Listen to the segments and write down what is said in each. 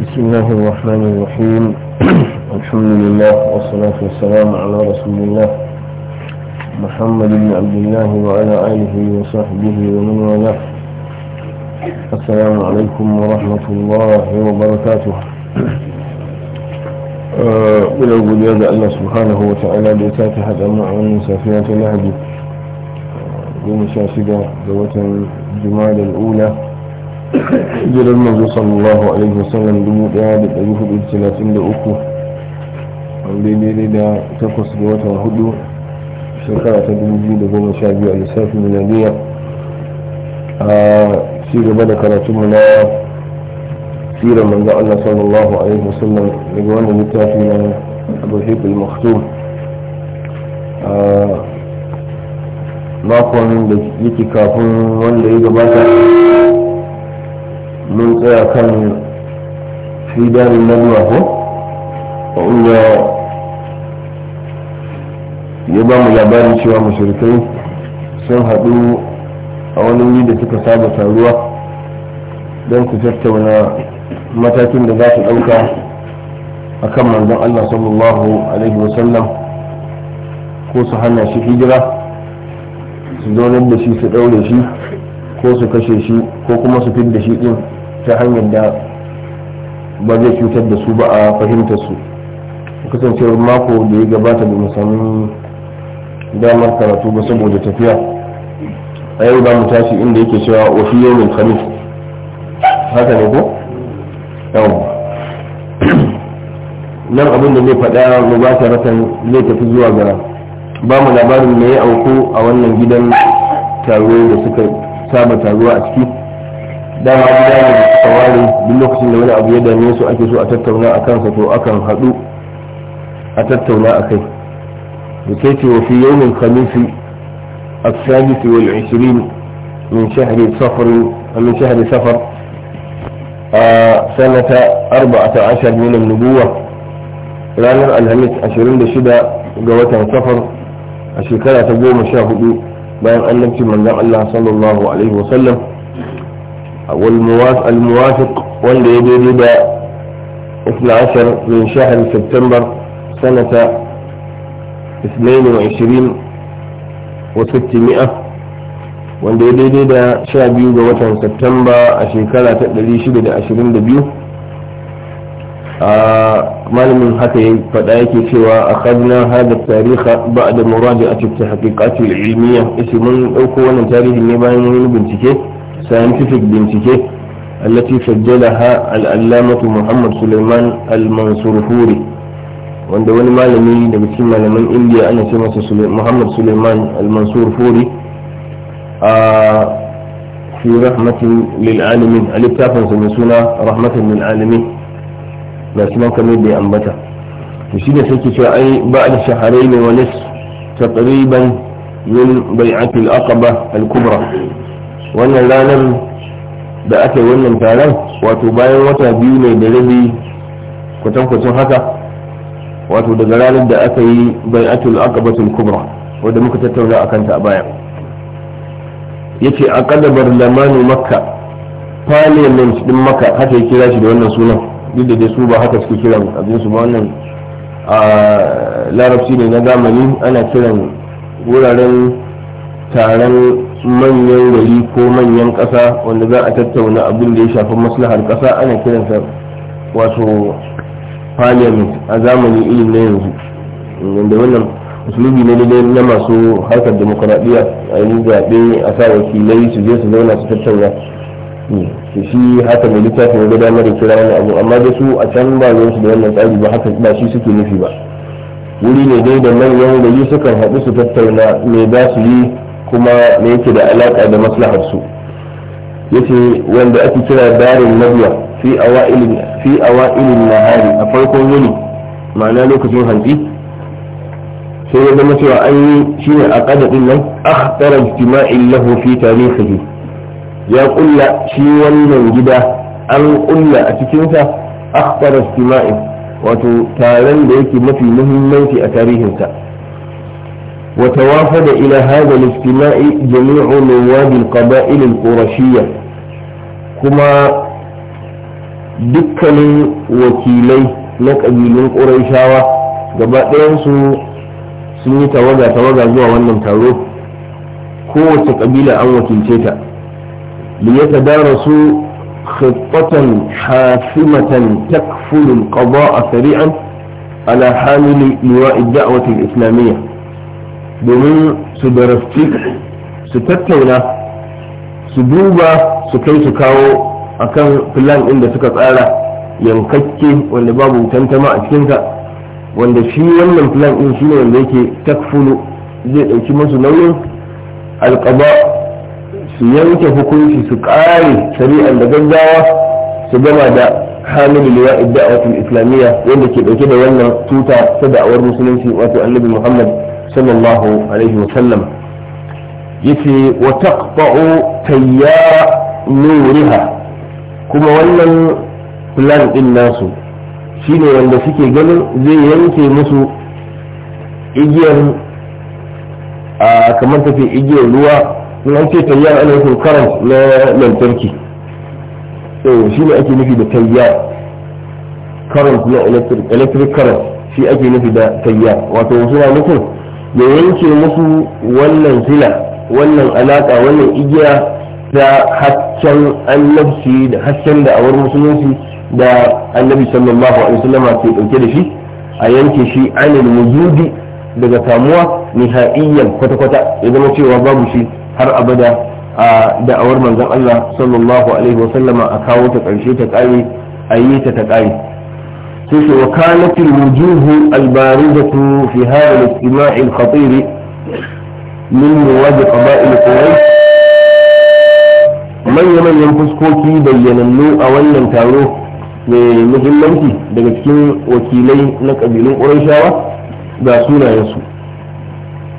بسم الله الرحمن الرحيم الحمد لله والصلاة والسلام على رسول الله محمد بن عبد الله وعلى آله وصحبه ومن والاه السلام عليكم ورحمة الله وبركاته ولو قد يدى الله سبحانه وتعالى بيتاتي حتى معون سافية الهدي يوم دوة الجمال الأولى jiran manzo sallallahu alaihi wasallam dubu daya da dari hudu talatin da uku daidai da takwas ga watan hudu shekara ta dubu biyu da goma sha biyu a lissafin miladiya a ci gaba da karatun mu na sirar manzo allah sallallahu alaihi wasallam daga wannan littafi na abu hikul maktum makon da yake kafin wanda ya gabata mun tsaya kan fidarin nan ko wanda ya ba mu labarin cewa mashirikai sun haɗu a wani wuri da suka saba taruwa don su tattauna matakin da za su ɗauka a kan manzon Allah sallallahu alaihi wasallam ko su hana shi hijira su zaunar da shi su ɗaure shi ko su kashe shi ko kuma su fidda shi ɗin ta hanyar da ba zai cutar da su ba a fahimtar su kasancewar mako da ya gabata da musamman damar karatu ba saboda tafiya a yau za mu tashi inda yake cewa wafi yau mai khamis haka ne ko yawon nan abin da zai faɗa mubataratan zai tafi zuwa gara ba mu labarin me ya auku a wannan gidan taro da suka saba taruwa a ciki dama gida ne da suka ware duk lokacin da wani abu ya dame su ake so a tattauna a kansa to akan haɗu a tattauna a kai da sai ce wa fi yawmin khamisi الثالث والعشرين من شهر صفر من شهر صفر سنة أربعة عشر من النبوة ranar alhamis 26 ga watan safar a shekara ta goma sha hudu bayan annabci manzon Allah sallallahu alaihi wasallam والموافق الموافق واللي يبدأ 12 من شهر سبتمبر سنة 22 و600 واللي يبدأ شابيو جوة سبتمبر أشيكالة تقدري شبدة 22 آه من حتي فدايك سوى أخذنا هذا التاريخ بعد مراجعة التحقيقات العلمية اسم أوكوان تاريخ النبائي من scientific bincike التي سجلها العلامة محمد سليمان المنصورفوري wanda wani malami daga cikin malaman indiya ana ce masa muhammad suleiman al-mansur a fi rahmatin lil'alamin a littafinsa mai suna rahmatin lil'alamin ga shi ya ambata to shi da sake cewa ai ba da shaharai ne wani taqriban min bai'atul aqaba al-kubra wannan ranar da aka yi wannan taron wato bayan wata biyu ne da rabi kwatankwacin haka wato daga ranar da aka yi aka batun kubra wadda muka tattauna a kanta a baya a aqalla lamani makka parliament din makka haka ya kira shi da wannan sunan duk da su ba haka suke kiran abin su ba wannan a larabci ne na zamani ana kiran wuraren taron manyan gari ko manyan ƙasa wanda za a tattauna abin da ya shafi maslahar ƙasa ana kiransa wato parliament a zamani irin na yanzu wanda wannan musulmi ne na masu harkar demokuraɗiyya a yi zaɓe a sa wakilai su je su zauna su tattauna to shi haka mai littafin ya gada da kira wani abu amma da su a can ba su da wannan tsari ba haka ba shi suke nufi ba wuri ne dai da manyan gari sukan haɗu su tattauna me za su yi kuma me yake da alaƙa da maslahar yace wanda ake kira darin nabiya fi awailin nahari a farkon yini ma'ana lokacin hantsi sai ya zama cewa an yi ne a kadadin nan akhtara ijtima'in lahu fi tarihihi ya kulla shi wannan gida an kulla a cikinsa akhtara ijtima'in wato taron da yake mafi muhimmanci a tarihinsa وتوافد إلى هذا الاجتماع جميع نواب القبائل القرشية كما دكن وكيلي لك قريشاوة القريشة قبائل ينسو سنة وضع توضع wannan ونم kowace كوة قبيلة أو وكيل تيتا ليتدارسوا خطة حاسمة تكفل القضاء سريعا على حامل لواء الدعوة الإسلامية domin su darasci su tattauna su duba su kai su kawo akan filan ɗin da suka tsara yankakke wanda babu tantama a cikinsa wanda shi wannan filan ɗin shi ne wanda yake takfulu zai ɗauki masu nauyin alƙaba su yanke hukunci su ƙare shari'ar da gaggawa su gama da hamil a idda'atul islamiyya wanda ke ɗauke da wannan tuta ta da'awar musulunci wato annabi muhammad sallallahu alaihi wasallam yace wa taqta'u tayya nuriha kuma wannan plan din nasu shine wanda suke ganin zai yanke musu igiyar a kamar tafi igiyar ruwa in an ce tayyar ana nufin na lantarki shi ne ake nufi da tayyar current na electric current shi ake nufi da wato suna nufin ya yanke musu wannan zila wannan alaka wannan igiya ta hasken annabci da hasken da'awar musulunci da annabi sallallahu alaihi wasallama ke dauke da shi a yanke shi anil wujudi daga kamuwa nihaiyan kwata-kwata ya zama cewa babu shi har abada a da'awar manzon Allah sallallahu alaihi wasallama a kawo ta karshe ta kare a yi ta ta kare كيف وكانت الوجوه البارزة في هذا الاجتماع الخطير من رواد قبائل قريش من يمن ينفسكوكي a أولا تارو muhimmanci daga cikin wakilai na ƙabilun ƙurashawa ga sunayensu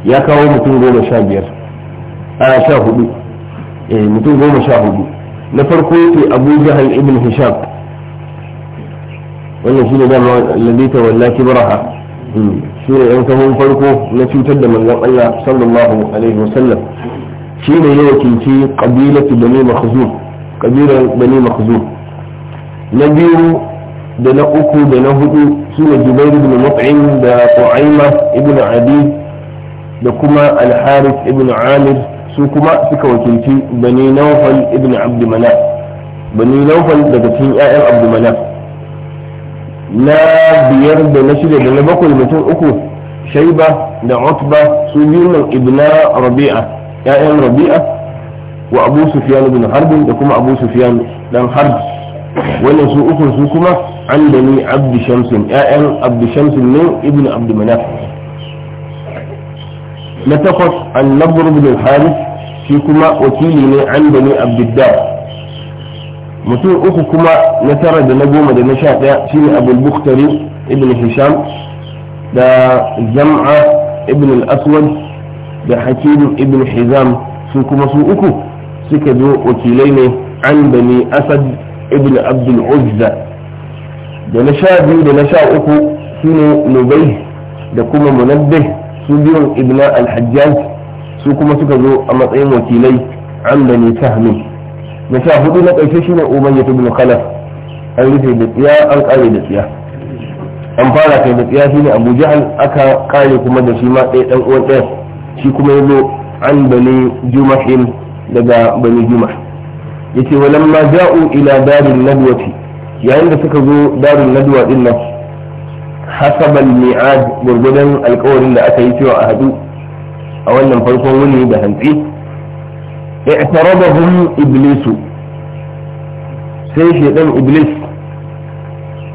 ya kawo mutum goma sha biyar a sha hudu eh, mutum goma sha hudu na farko ke abu jahal ibn hisham wannan shi ne dama alladhi tawalla kibraha shi ne yan kahon farko na cutar da manzon Allah sallallahu alaihi wasallam shi ne ya kinci qabilatu bani makhzum qabilan bani makhzum na biyu da na uku da na hudu shi ne jubair ibn mut'im da tu'aima ibn adi da kuma al-harith ibn amir su kuma suka wakilci bani nawfal ibn abd manaf bani nawfal daga cikin ƴaƴan abd manaf na biyar da na shida da na bakwai mutum uku shaiba da utba su biyu nan ibna rabi'a ya'yan rabi'a wa abu sufyan bin harb da kuma abu sufyan dan harb wannan su uku su kuma an da ni abdu shamsin ya'yan abdu shamsin ne ibnu abdu manaf na takwas an nabr bin harith shi kuma wakili ne an da ni abdu dar mutum uku kuma na tara da na goma da na sha ɗaya shine abul buktari ibn hisham da zam'a ibn al-aswad da hakim ibn hizam su kuma su uku suka zo wakilai ne an bani asad ibn abdul uzza da na sha biyu da na sha uku su ne nubai da kuma munabbih su biyun ibn al-hajjaj su kuma suka zo a matsayin wakilai an bani sahmi na sha hudu na ƙarshe umar umayyah ibn khalaf an rufe da tsiya an kare da tsiya an fara kai da tsiya shi ne abu jahal aka kare kuma da shi ma ɗaya ɗan uwan ɗaya shi kuma ya zo an bani juma'in daga bani juma ya yace lamma ja'u ila darin nadwati yayin da suka zo darin nadwa din nan hasabal miad gurgudan alƙawarin da aka yi cewa a haɗu a wannan farkon wuni da hantsi اعترضهم ابليس سي شيطان ابليس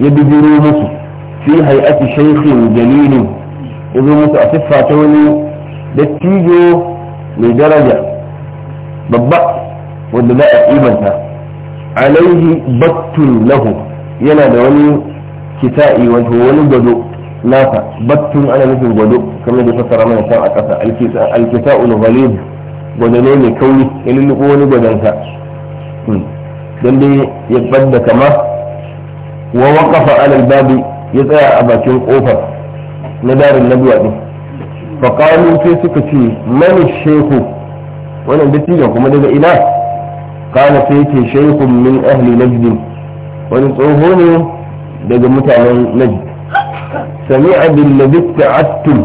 يبدو في هيئه شيخ جليل ابن موسى فاتوني بتيجو لدرجه ببا ودماء ايمان عليه بط له يلا دوني كتائي وجهه ولجدو نافع بط انا مثل جدو كما يفسر من الشرع الكساء الغليظ gwadane mai kauri ya lulluɓo wani gwadansa hmm. don dai ya ɓadda kama wa waƙafa alal babi ya tsaya a bakin ƙofar na darin na biya faƙalu sai suka ce mani shehu wannan dattijan kuma daga ina kana sai ke shehun min ahli najdin wani tsoho ne daga mutanen najd sami'a bil ladhi ta'attum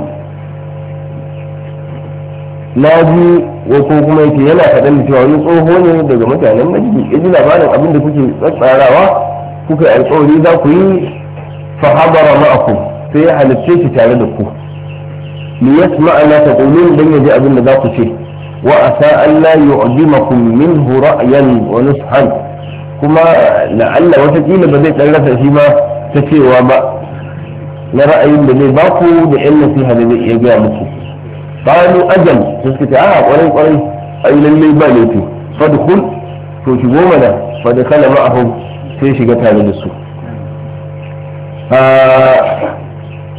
na ji ko kuma yake yana kaɗan da cewa wani tsoho ne daga mutanen majiki ya ji labarin abin da kuke tsatsarawa kuka alƙawari za ku yi fahabara ma'akum sai ya halarci shi tare da ku li yasma ala taqulun dan yaji abin da za ku ce wa asa alla yu'dimakum minhu ra'yan wa nushan kuma la'alla wata kila ba zai dan rasa shi ma ta cewa ba na ra'ayin da zai baku da yan nasiha da zai iya gaya muku qalu ajal sai suka ce a kwarai kwarai ai lalle ba laifi fadkhul to ki goma da fadkhala ma'ahum sai shiga tare da su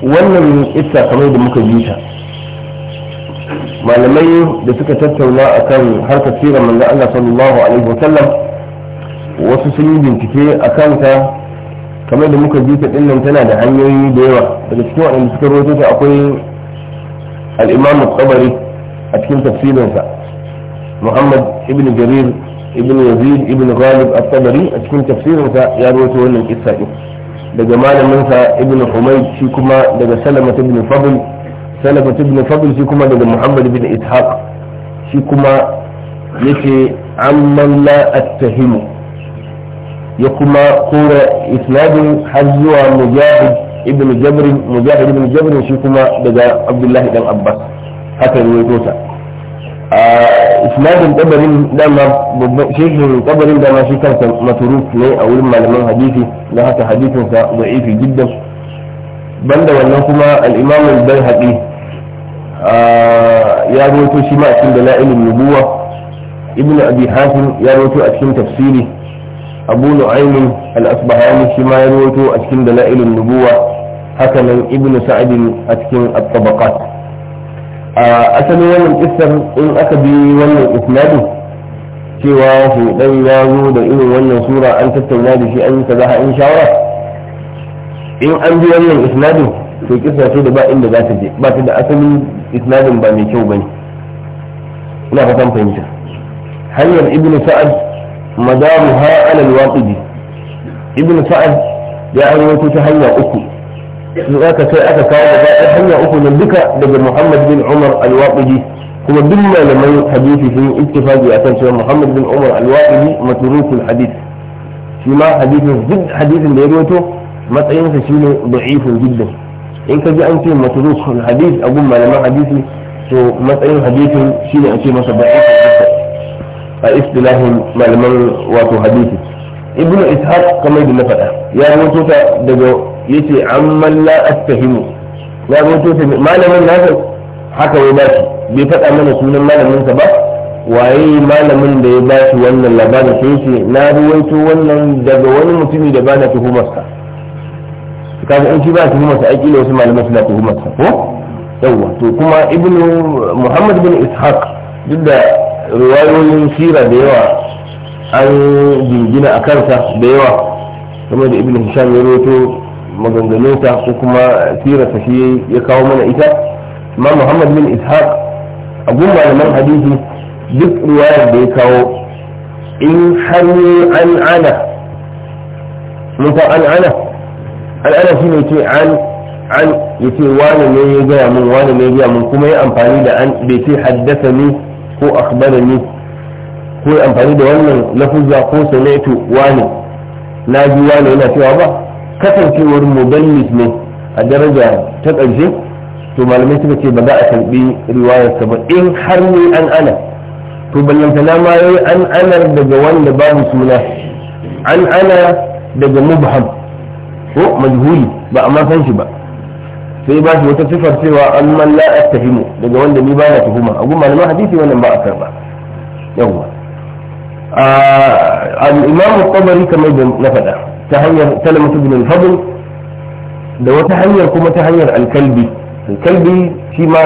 wannan isa kamar da muka ji ta malamai da suka tattauna akan harkar sirar manzo Allah sallallahu alaihi wasallam wasu sun yi bincike akan ta kamar da muka ji ta dinnan tana da hanyoyi da yawa daga cikin waɗanda suka rawaito ta akwai الإمام الطبري أتكلم تفسيرنا محمد ابن جرير ابن يزيد ابن غالب الطبري أتكلم تفسيرنا يا روتي ولن إسائي إيه. لجمال منسى ابن حميد فيكما لجا سلمة ابن فضل سلمة ابن فضل فيكما لجا محمد ابن إسحاق فيكما لكي عمن لا أتهمه يكما قول إسناد حزوى مجاهد ibn jabr mujahid ibn jabr shi kuma daga abdullahi dan abbas haka ne yato ta a isnadin tabarin dama shekin tabarin dama shi kansa maturuf ne a wurin malaman hadisi da haka hadisinsa da'ifi jiddan banda wannan kuma al-imam al-bayhaqi ya rawaito shi ma a cikin dalailin nubuwa ibn abi hatim ya rawaito a cikin tafsiri abu nu'aymin al-asbahani shi ma ya rawaito a cikin dalailin nubuwa hakanan ibn sa'adin a cikin at-tabaqat a asalin wannan kissar in aka bi wannan isnadin cewa hudan ya zo da irin wannan sura an tattauna da shi an yi kaza in shawara in an bi wannan isnadin to kissa ce da ba inda za ta je ba ta da asalin isnadin ba mai kyau bane ina fatan fahimta hanyar ibn sa'ad madaruha ala al-waqidi ibn sa'ad ya rawaito ta hanya uku in za ka sai aka kawo da ɗaya hanya uku da duka daga muhammad bin umar alwaƙidi kuma duk malaman hadisi sun yi ittifaqi akan cewa muhammad bin umar alwaƙidi maturukul hadis shi ma hadisin duk hadisin da ya rawaito matsayinsa shine da'ifun jiddan in ka ji an ce maturukul hadis a gun malaman hadisi to matsayin hadisin shine a ce masa da'ifun jiddan a istilahin malaman wato hadisi ibnu ishaq kamar da na faɗa ya rawaito ta daga yace amman la astahimu ya zo to malamin nasa haka ya bashi bai faɗa mana sunan malamin sa ba waye malamin da ya bashi wannan labarin sai yace na ruwaito wannan daga wani mutumi da bana tuhumarsa kaga in shi ba tuhumarsa aiki kila wasu malaman suna tuhumarsa ko yawwa to kuma ibnu muhammad bin ishaq duk da riwayoyin sira da yawa an jingina a kansa da yawa kuma da ibn hisham ya roto maganganunsa ko kuma sirarsa shi ya kawo mana ita ma muhammad bin ishaq a gun malaman hadisi duk riwayar da ya kawo in har ne an ana mun san an ana shi ne ce an an ya ce wane ne ya gaya min wane ne ya gaya min kuma ya amfani da an bai ce haddasa ni ko akhbara ni ko ya amfani da wannan lafuzza ko sanaitu wani na ji wani yana cewa ba kasancewar mudallis ne a daraja ta ƙarshe to malamai suka ce ba za a karbi riwayar ta ba in har ne an ana to ballantana ma yayi an anar daga wanda ba mu suna an ana daga mubham ko majhuli ba amma san shi ba sai ba shi wata sifar cewa an man la astahimu daga wanda ni ba na tuhuma a gun malamai hadisi wannan ba a karba yawwa ah, al-imam tabari kamar da na faɗa ta hanyar salamatu bin al-fadl da wata hanyar kuma ta hanyar al-kalbi al-kalbi shi ma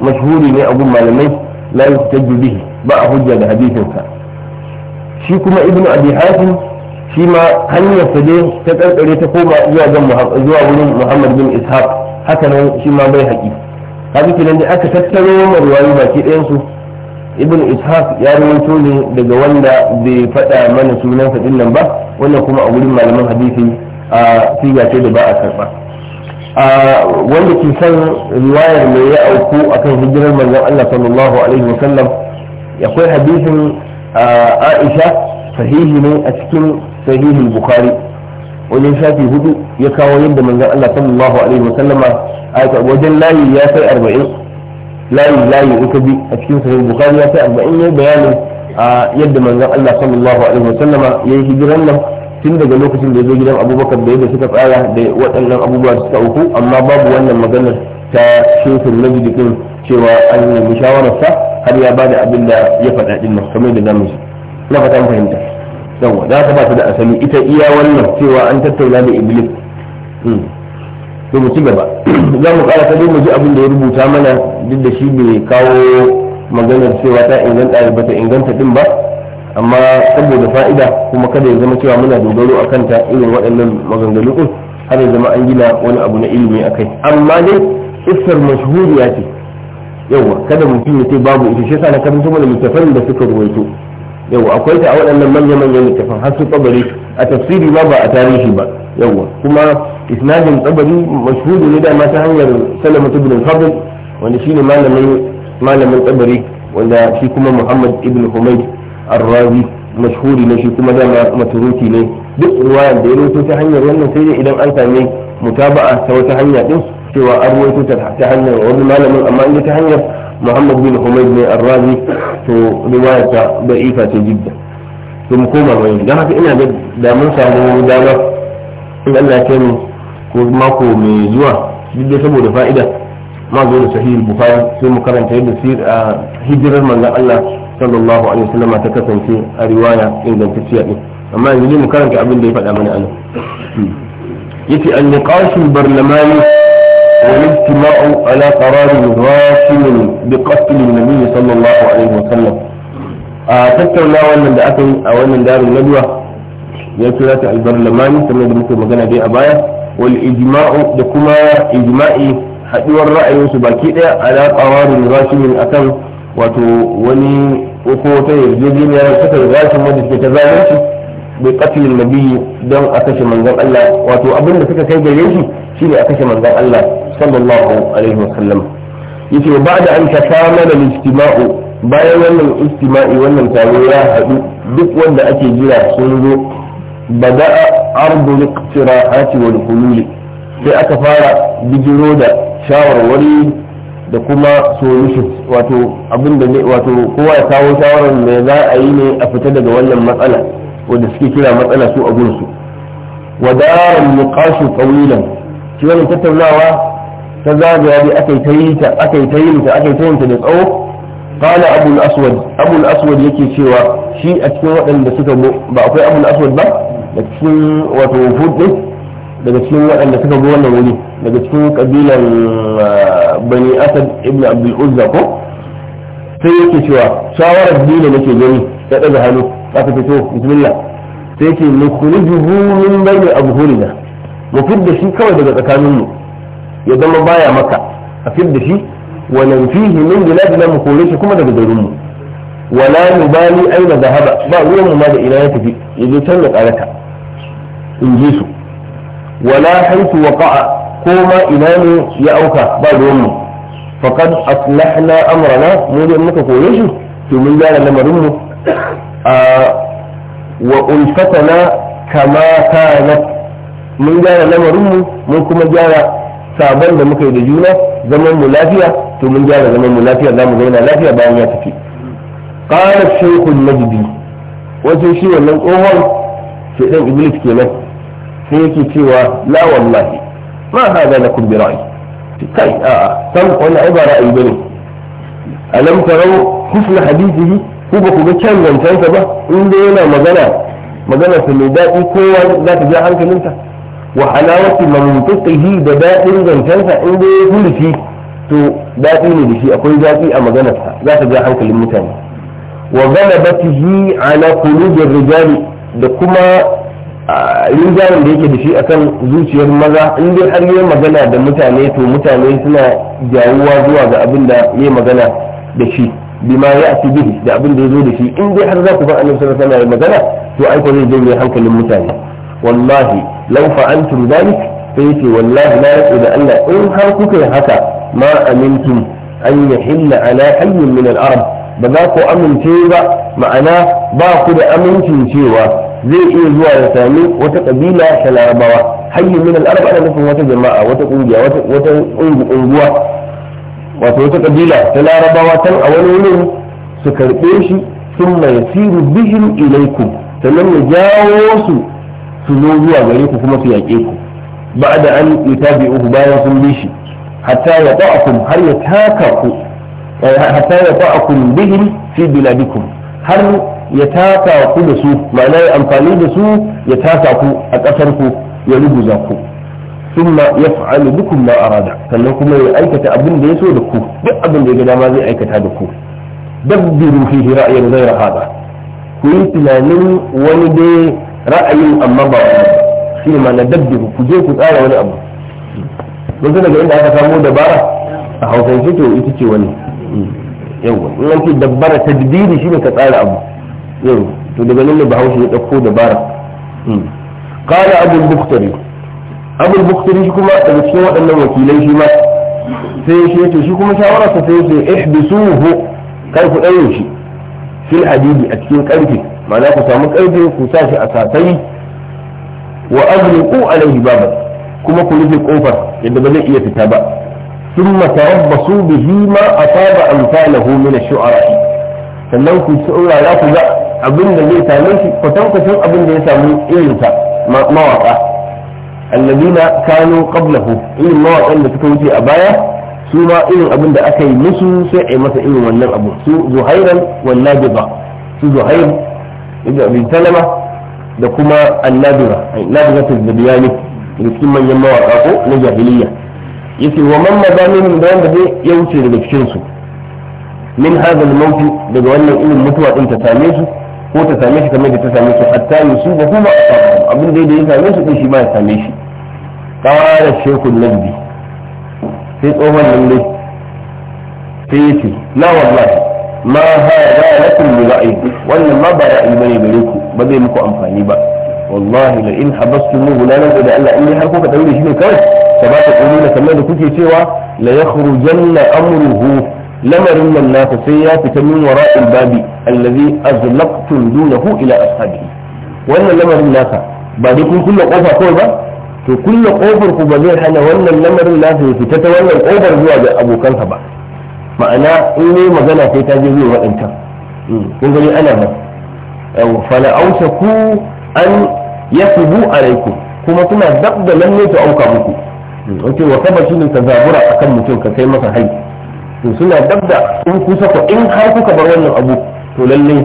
mashhuri ne a gun malamai la yustajju bihi ba a hujja da hadisinsa shi kuma ibnu abi hatim shi ma hanyar sa ta karkare ta koma zuwa ga zuwa wurin muhammad bin ishaq haka nan shi ma bai haƙi haka kenan da aka tattaro ruwayi baki ɗayan su ibn ishaq ya rawaito ne daga wanda bai faɗa mana sunan sa nan ba wannan kuma a wurin malaman hadisi a siga ce da ba a karba wanda ke san riwayar mai ya auku akan hijirar manzon Allah sallallahu alaihi wasallam akwai hadisin Aisha sahihi ne a cikin sahihin Bukhari wajen shafi hudu ya kawo yadda manzon Allah sallallahu alaihi wasallama a wajen layi ya kai arba'in layi layi uka bi a cikin sahih bukhari ya kai arba'in ya bayanin a yadda manzon Allah sallallahu alaihi wasallama ya yi hijiran nan tun daga lokacin da ya zo gidan abubakar da yadda suka tsara da waɗannan abubuwa da suka uku amma babu wannan maganar ta shefin majidi din cewa an nemi shawararsa har ya bada abin da ya faɗa din nan kamar da zamu na fata fahimta yawa za ka ba ta da asali ita iya wannan cewa an tattauna da iblis hmm. sai mu ci gaba za mu kara dai mu ji abin da ya rubuta mana duk da shi bai kawo maganar cewa ta inganta ba ta inganta din ba amma saboda fa'ida kuma kada ya zama cewa muna dogaro a kanta irin waɗannan maganganu din har ya zama an gina wani abu na ilimi a kai amma dai iskar mashhuriya ce yawa kada mutum ya ce babu ita shi yasa na karanta mana littafan da suka ruwaito yawa akwai ta a waɗannan manya-manyan littafin har su tsabari a tafsiri ma ba a tarihi ba yawa kuma isnadin tsabari mashhudu ne dama ta hanyar salamatu ibn fadl wanda shine malamin malamin tsabari wanda shi kuma muhammad ibn humayd ar-razi mashhuri ne shi kuma dama maturuki ne duk ruwayar da ya rawaito ta hanyar wannan sai dai idan an same mutaba'a ta wata hanya din cewa an rawaito ta hanyar wani malamin amma in ta hanyar muhammad bin humayd ne arrazi to riwayata da ifa ce jidda to mu koma mai dan haka ina da mun samu dama in Allah ya mu ko mako mai zuwa duk saboda fa'ida ma zo da sahih bukhari sai mu karanta yadda sir a hijirar manzon Allah sallallahu alaihi wasallam ta kasance a riwaya ingantacciya din amma yanzu mu karanta abin da ya faɗa mana anan hmm. yace an-niqashul barlamani والاجتماع على قرار غاشم بقتل النبي صلى الله عليه وسلم a tattaunawa wannan aka yi a wannan darin na duwa ya kira ta albarlamani kamar da muke magana dai a baya wal da kuma ijma'i haɗuwar ra'ayinsu baki ɗaya ala qawarin rashimin akan wato wani ko wata yarjejeniya da suka riga sun wanda suke ta zalunci bai katilin nabi don a kashe manzon wato abin da suka kai gare shi shine a kashe manzon Allah sallallahu alaihi wasallam yace ba da an takamala al-istima'u bayan wannan istima'i wannan taro ya haɗu duk wanda ake jira sun zo bada'a ardu liqtira'ati wal hululi sai aka fara bijiro da shawarwari da kuma solution wato abin da ne wato kowa ya kawo shawarar me za a yi ne a fita daga wannan matsala wanda suke kira matsala su a gunsu wa daran niqashu qawilan shi wannan tattaunawa ta zagaya dai aka yi ta da tsawo kala abul aswad abul aswad yake cewa shi a cikin waɗanda suka go ba akwai abul aswad ba da cikin wato hud din daga cikin waɗanda suka go wannan wuri daga cikin kabilan ah, bani asad ibn abdul uzza ko sai yake cewa shawarar dina nake gani ta daga hannu ba ta fito bismillah sai yake nukhrijuhu min bayni abhurina mu fidda shi kawai daga tsakaninmu mu ya zama baya maka a fil da shi wa nan fihi min biladina mu kore shi kuma daga garin mu wala nubali aina zahaba ba ruwan mu ma da ina ya tafi ya je can da karata in ji su wala haitu waqa'a ko ma ina ne ya auka ba ruwan mu faqad aslahna amrana mu da muka kore shi to mun gyara lamarin mu wa ulfatana kama kanat mun gyara lamarin mu mun kuma gyara sabon da muka yi da juna zaman mu lafiya to mun gyara zaman mu lafiya za mu zauna lafiya bayan ya tafi qala shaykhul majdi wajen shi wannan tsohon shedan iblis ke nan sai yake cewa la wallahi ma da na kurbi ra'yi kai a'a san wani ai ba ra'ayi bane alam tarau husna hadithihi ku ba ku ga kyan zancensa ba in dai yana magana magana sa mai daɗi kowa za ta ja hankalinta wa halawati mantiqihi da dadin zancensa in dai ya furuci to dadi ne da shi akwai zaki a maganarsa za ta ja hankalin mutane wa ghalabatihi ala qulubir rijali da kuma rinjayen da yake da shi akan zuciyar maza in dai har yi magana da mutane to mutane suna jawuwa zuwa ga abin da ya magana da shi bima ya ci bihi da abin ya zo da shi in dai har za ku ba annabi sallallahu magana to ai zai janye hankalin mutane wallahi law fa'altum dhalik sai yace wallahi la da Allah in har kuka yi haka ma amintum an yahilla ala hayyin min al-arab ba za ku amince ba ma'ana ba ku da amincin cewa zai iya zuwa ya sami wata kabila ta larabawa hayyin min al-arab ana nufin wata jama'a wata kungiya wata wata unguwa wato wata kabila ta larabawa tan a wani wurin su karbe shi sun mai siru bihim ilaikum sannan ya jawo su su zo zuwa gare ku kuma su yaƙe ku da an uku bayan sun bi shi hatta ya ta'akum har ya taka ku eh, hatta ya ta'akum bihim fi biladikum har ya taka ku da su ma'ana ya amfani da su ya taka ku a ƙasar ku ya ruguza ku ya يفعل بكم ما أراد sannan kuma ya aikata abin da ya so da ku duk abin da ya ga dama zai aikata da ku dabbiru fihi ra'yan zai hada ku yi tunanin wani dai ra'ayin amma ba shi ne ma na dabbi ku je ku tsara wani abu don san daga inda aka samu dabara a hausance to ita ce wani yau in an ce dabbara tadbiri shi ne ka tsara abu yau to daga nan ne bahaushe ya ɗauko dabara قال أبو البختري أبو البختري شكو ما تبتشي وأن وكيلي شما سيشي تشي كما شاورة سيشي احبسوه كيف أيوشي في a cikin كارفي mana ku samu ƙarfe ku sa shi a sasayi wa azliqu alaihi baban kuma ku rufe kofar yadda ba zai iya fita ba thumma su bihi ma a amsalahu min ash-shu'ara sannan ku saurara ku ga abin da zai same shi kwatankwacin abin da ya samu irinsa mawaka alladina kanu qablahu irin mawakan da suka wuce a baya su ma irin abin da aka yi musu sai a yi masa irin wannan abu su zuhairan wallahi ba su zuhairan. ibn abi talama da kuma annadura annadura ta zabiyani da cikin manyan mawaka ko na jahiliya yace wa man mazamin da wanda zai ya wuce daga cikin su min hadha al daga wannan irin mutuwa din ta same su ko ta same shi kamar da ta same su hatta da kuma abin da ya same su din shi ma ya same shi qala shaykhul nabi sai tsohon nan ne sai yace la wallahi ma hada lakum bi ra'id wannan ma ba ra'ayi bane gare ku ba zai muku amfani ba wallahi la in habastumuhu la nan da Allah in har kuka daure shi ne kawai sabata quluna kamar da kuke cewa la yakhrujanna amruhu lamarin nan nasa sai ya fita min wara'il babi allazi azlaqtum dunahu ila ashabi wannan lamarin nasa ba dai kun kulle kofa kawai ba to kulle kofar ku ba zai hana wannan lamarin nasa ya fita ta wannan kofar zuwa ga abokansa ba ma'ana in yi magana sai ta je zuwa waɗancan hmm. kun gani ana ba fala ausa ku an a alaikum kuma suna dab da lalle su auka muku wace hmm. wa kaba shine ka zabura akan mutum ka kai masa hai hmm, suna dab da in ku in har kuka bar wannan abu to lalle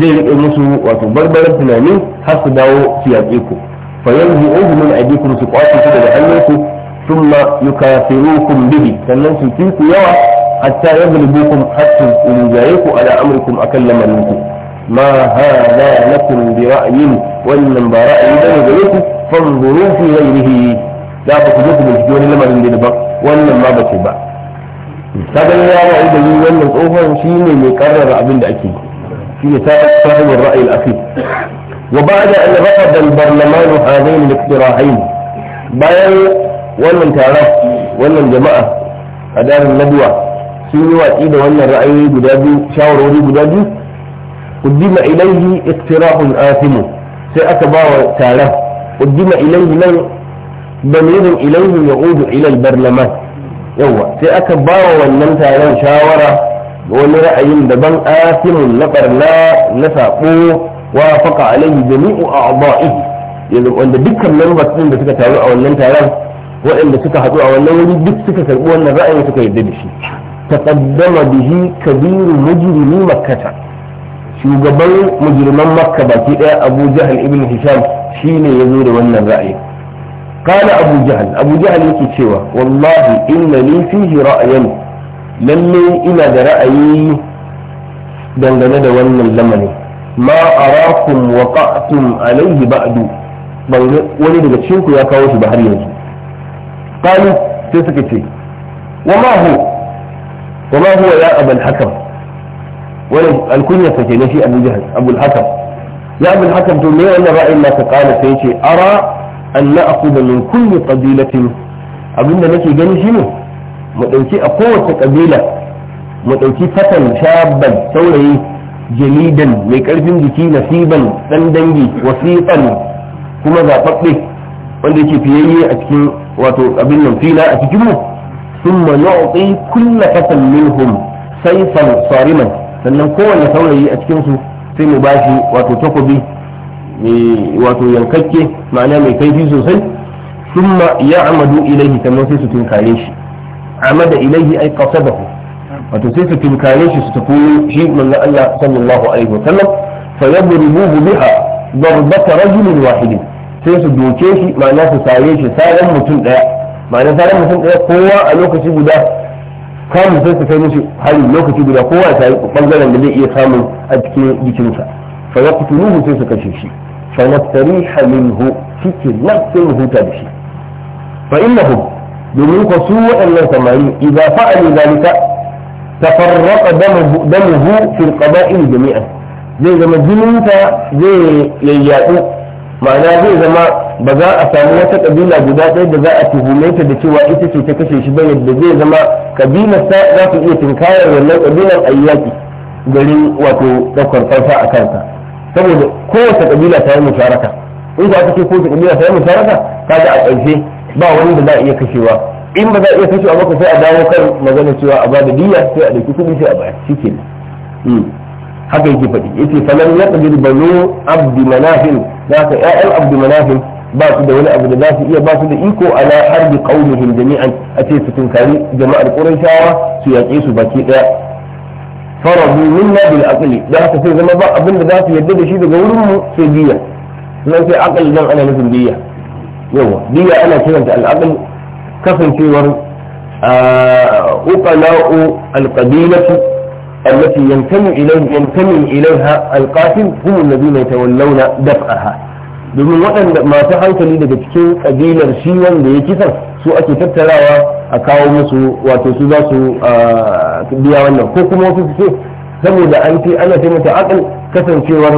zai rike musu wato barbaran tunani har su dawo su yaƙe ku fa yanzu uhu min aidikum su kwace su daga hannunku thumma yukafirukum bihi sannan su ku yawa حتى يغلبوكم حتى إن جايكم على أمركم أكلم منكم ما هذا لكم برأي وان وإنما برأي بني جايكم فانظروا في غيره لا تخذوكم من شجون لما لم وان وإنما بكبا تقل يا رأي بني وإنما تقوفا شيني مكرر عبد أكيد في فهم الرأي الأخير وبعد أن رفض البرلمان هذين الاقتراحين بيان ولن تعرف ولن الجماعة أدار الندوة sun yi watsi da wannan ra'ayoyi guda biyu shawarwari guda biyu قدم إليه اقتراح آثم سأتباوى تاله قدم إليه من ضمير إليه يعود إلى البرلمان يوه سأتباوى ونم تاله شاورة ونرأي دبن آثم نقر لا نساقوه وافق عليه جميع أعضائه yanzu wanda dukkan members din da suka taru a wannan taron waɗanda suka haɗu a wannan wuri duk suka karɓi wannan ra'ayin suka yarda da shi taqaddama bihi kabiru mujrimi makkata shugaban mujriman makka baki ɗaya abu jahal ibn hisham shine yazo da wannan ra'ayi قال أبو جهل أبو جهل يكتشوى والله إن لي فيه رأيا للي إلى رأيي dangane da wannan lamarin ma arakum wa qa'tum alayhi ba'du wani daga cikin ku ya kawo shi ba har yanzu qalu sai suka ce wa ma wa ma huwa ya abul hakam wani alkunya sa kenan shi abu jahal ya abul hakam to me wannan ra'ayin naka kana sai yace ara an na'khudha min kulli qabilatin abinda nake gani shine mu ɗauki a kowace kabila mu ɗauki fatan shaban saurayi jaridan mai ƙarfin jiki nasiban ɗan dangi wasiqan kuma zababbe wanda yake fiyayye a cikin wato abin nan a cikinmu. ثم يعطي كل فتى منهم سيفا صارما sannan kowanne saurayi a cikinsu sai mu bashi wato takobi wato yankakke ma'ana mai kaifi sosai ya amadu ilaihi sannan sai su tunkare shi amada ilaihi ay qasadahu wato sai su tunkare shi su tafi shi manzon Allah sallallahu alaihi wa sallam fa yadribuhu biha darbata rajulin wahidin sai su doke shi ma'ana su sare shi saran mutum daya ma'ana ta mutum ɗaya kowa a lokaci guda kamun sai su kai mishi hari lokaci guda kowa ta yi bangaren da zai iya samun a cikin jikinsa fa ya kutu kutuluhu sai su kashe shi fa na nastariha minhu shike nan sai mu huta da shi fa innahu domin ku su waɗannan samari idza fa'alu zalika tafarraqa damuhu damuhu fil qada'i jami'an zai zama jininta zai yayyadu ma'ana zai zama ba za a samu wata kabila guda ɗaya da za a tuhume ta da cewa ita ce ta kashe shi ba yadda zai zama kabilar sa za ta iya tinkarar wannan kabilar a yaƙi garin wato ɗaukar farfa a kanta saboda kowace kabila ta yi musharaka in za ka ce kowace kabila ta yi musharaka kaga a ƙarshe ba wanda za a iya kashewa in ba za a iya kashewa ba sai a dawo kan magana cewa a ba da diya sai a ɗauki kuɗi sai a bayar shi haka yake faɗi yace falan yaqdir banu abdi za zaka ya'yan abdi manafin ba su da wani abu da za su iya ba su da iko ala harbi qaumihim jami'an a ce su tunkari jama'ar qurayshawa su yaƙe su baki daya farabu minna bil aqli da haka sai zama ba abin da za su yarda da shi daga wurin mu sai biya nan sai aqli dan ana nufin biya yawa biya ana kiranta al aqli kasancewar ah, uqala'u al qabilatu التي ينتمي إليه ينتمي إليها القاتل هم الذين يتولون دفعها domin waɗanda masu hankali daga cikin ƙabilar shi wanda ya kisan su ake tattarawa a kawo musu wato su za su biya wannan ko kuma wasu su ce saboda an ce ana ce mata akal kasancewar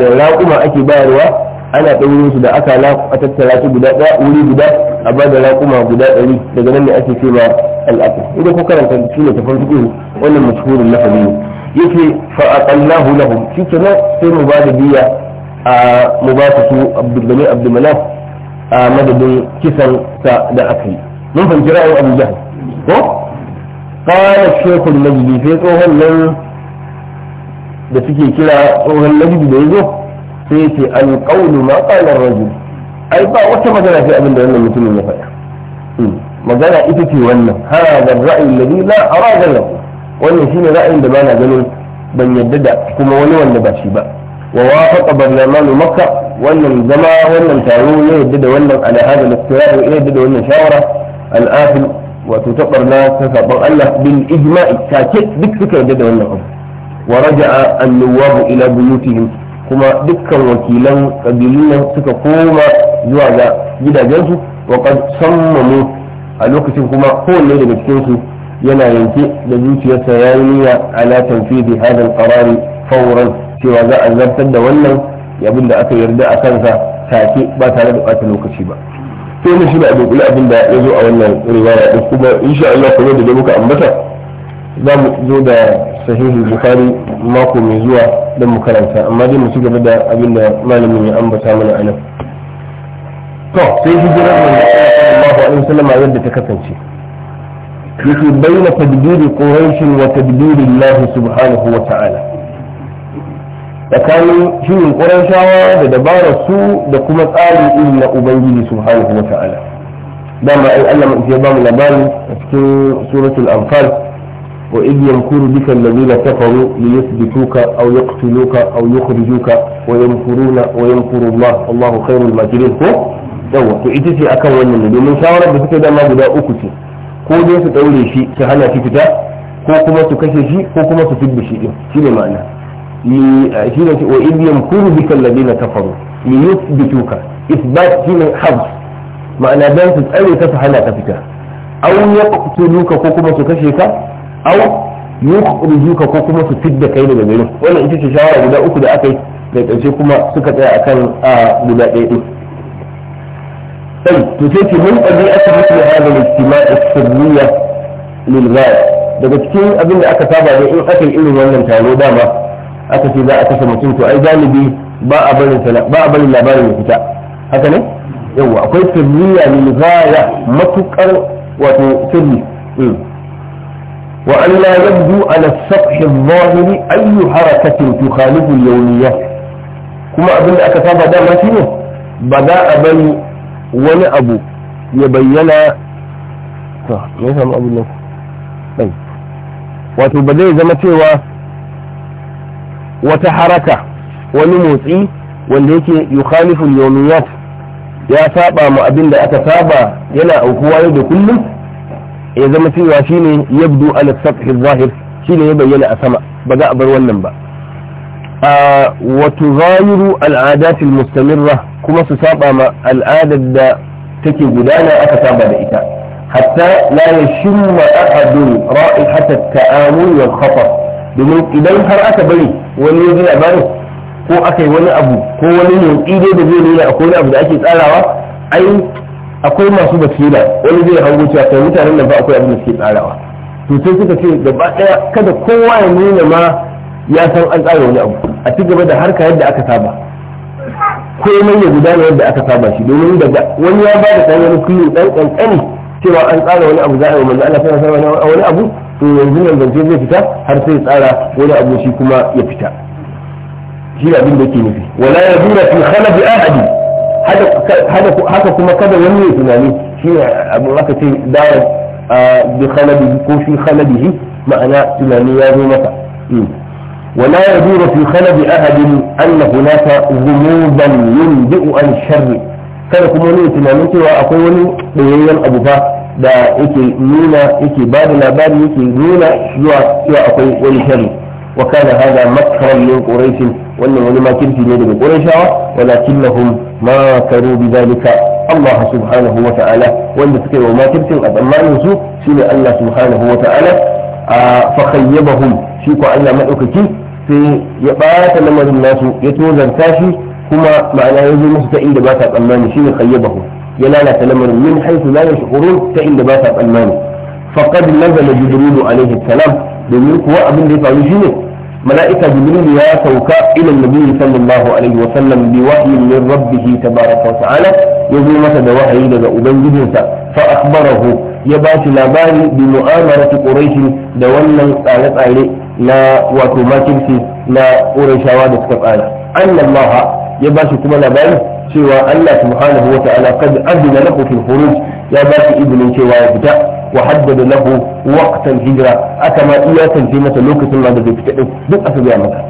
da raƙuma ake bayarwa ana ɗaurin su da aka a tattara su guda ɗaya wuri guda a ba da raƙuma guda ɗari daga nan ne ake ce ma al'aƙu idan ko karanta shi ne tafan ɗin wannan mashhurin na ne ya ce aqallahu lahum shi nan sai mu ba da biya a mu ba su abdulgani abdulmanaf a madadin kisan sa da aka yi mun fahimci ra'ayin abu jihar ko qala na majlis sai tsohon nan da suke kira tsohon najdi da zo sai yace alqawlu ma qala ar-rajul ai ba wata magana sai abin da wannan mutumin ya faɗa magana ita ce wannan hada ar-ra'yu alladhi la arada lahu wannan shine ra'ayin da bana ganin ban yadda da kuma wani wanda ba shi ba wa wafaqa barlamanu makka wannan zama wannan taro ya yadda da wannan ala hada al-iqtirar ya yadda da wannan shawara al-afil wato ta barna ta sabon Allah bil ijma'i take duk suka yadda da wannan abu ورجع النواب إلى بيوتهم kuma dukkan wakilan kabilun nan suka koma zuwa ga gidajensu wa qad sammamu a lokacin kuma kowanne daga cikin su yana yanke da zuciyarsa ya yi niyya ala tanfidi hadal qarari fawran cewa za a zartar da wannan abin da aka yarda a kansa take ba tare da bata lokaci ba to ne shi ne abin abin da ya zo a wannan riwaya din kuma insha Allah kuma da muka ambata za mu zo da sahihu bukhari mako mai zuwa don mu karanta amma dai mu ci gaba da abin da malamin ya ambata mana a nan to sai hijirar manzo sallallahu alaihi wasallam yadda ta kasance yake bayyana tadbiri quraish wa tadbiri Allah subhanahu wa ta'ala tsakanin shirin qurayshawa da dabarar su da kuma tsarin irin na ubangiji subhanahu wa ta'ala dama ai Allah ya ba mu labari a cikin suratul anfal وإذ يمكر بك الذين كفروا ليثبتوك أو يقتلوك أو يخرجوك ويمكرون ويمكر الله الله خير الماكرين ko yawa to ita ce akan wannan ne shawarar da suka dama guda uku ce ko dai su daure shi su hana shi fita ko kuma su kashe shi ko kuma su tibbi shi din shine ma'ana shine ce wa idh yamkuru bika alladhina kafaru li yuthbituka isbat shine ma'ana dan su tsare ka su hana ka fita aw ko kuma su kashe ka au yukhrijuka ko kuma su fidda kai daga garin wannan ita ce shawara guda uku da aka yi da ƙarshe kuma suka tsaya akan a guda ɗaya ɗin sai to sai ce mun ɗabi aka mutu da hada ijtima'i sirriya lil daga cikin abin da aka saba ne in aka yi irin wannan taro dama aka ce za a kashe mutum to ai galibi ba a barin labarin ya fita haka ne yawa akwai sirriya lil matuƙar matukar wato sirri hmm. وألا يبدو على السطح الظاهر أي حركة تخالف اليومية كما أبن أكتاب دامة فيه بداء ولا أبو يبين آه، ليس طيب. ما أبن أكتاب وتبدأ زمته و وتحركة ونموتي والذيك يخالف اليوميات يا سابا ما أبن أكتاب يلا أو أخواني كله ya zama cewa ne yabdu ala sathi zahir shine ya bayyana a sama ba za a bar wannan ba wato tughayiru al'ada al-mustamirra kuma su saba ma al'adar da take gudana aka saba da ita hatta la yashimma ahadun ra'ihat at-ta'amul wal khatar domin idan har aka bari wani ya ji labarin ko aka yi wani abu ko wani yanki da zai nuna akwai wani abu da ake tsarawa ai akwai masu basira wani zai hango cewa kai mutanen nan ba akwai abin da suke tsarawa to sai suka ce gaba daya kada kowa ya nuna ma ya san an tsara wani abu a ci gaba da harka yadda aka saba komai ya gudana yadda aka saba shi domin daga wani ya ba da kan wani kullum dan kankani cewa an tsara wani abu za a yi manzo Allah sai ya wani abu to yanzu nan zance zai fita har sai tsara wani abu shi kuma ya fita shi abin da yake nufi wala yazura fi khalafi ahadi haka kuma kada wani ya tunani shi abu aka ce dawo a bi ko fi khaladihi ولا يدور في خلد أحد أن هناك غموضا ينبئ عن الشر كان كما نيتنا من سوى أقول أبو فا دا إكي مينا إكي باب لا باب إكي مينا يوى أقول ولي شر وكان هذا مكرا من قريش wannan wani makirci ne daga qurayshawa walakinnahum ma karu bi zalika Allah subhanahu wa ta'ala wanda suka yi wa makircin a tsammanin su shine Allah subhanahu wa ta'ala a fakhayyabahum shi ko Allah maɗaukaki sai ya bata lamarin nasu ya tozarta shi kuma ma'ana ya zo musu ta inda ba ta tsammani shine khayyabahu ya lalata lamarin min haythu la yashurun ta inda ba ta tsammani faqad nazala jibrilu alaihi salam domin kuwa abin da ya faru shine mala'ika jibril ya sauka ila nabi sallallahu alaihi wa sallam bi wahyin min rabbih tabaraka wa ta'ala ya zo masa da wahayi daga ubangijinsa fa akhbarahu ya bashi shi labari bi mu'amarati da wannan tsare tsale na wato makirci na qurayshawa da suka tsara annallaha ya bashi kuma kuma labari cewa Allah subhanahu wa ta'ala qad adina lahu fil khuruj ya ba shi izinin cewa ya fita wa haddada lahu waqtan hijra aka ma iya tance masa lokacin da zai fita din duk aka maka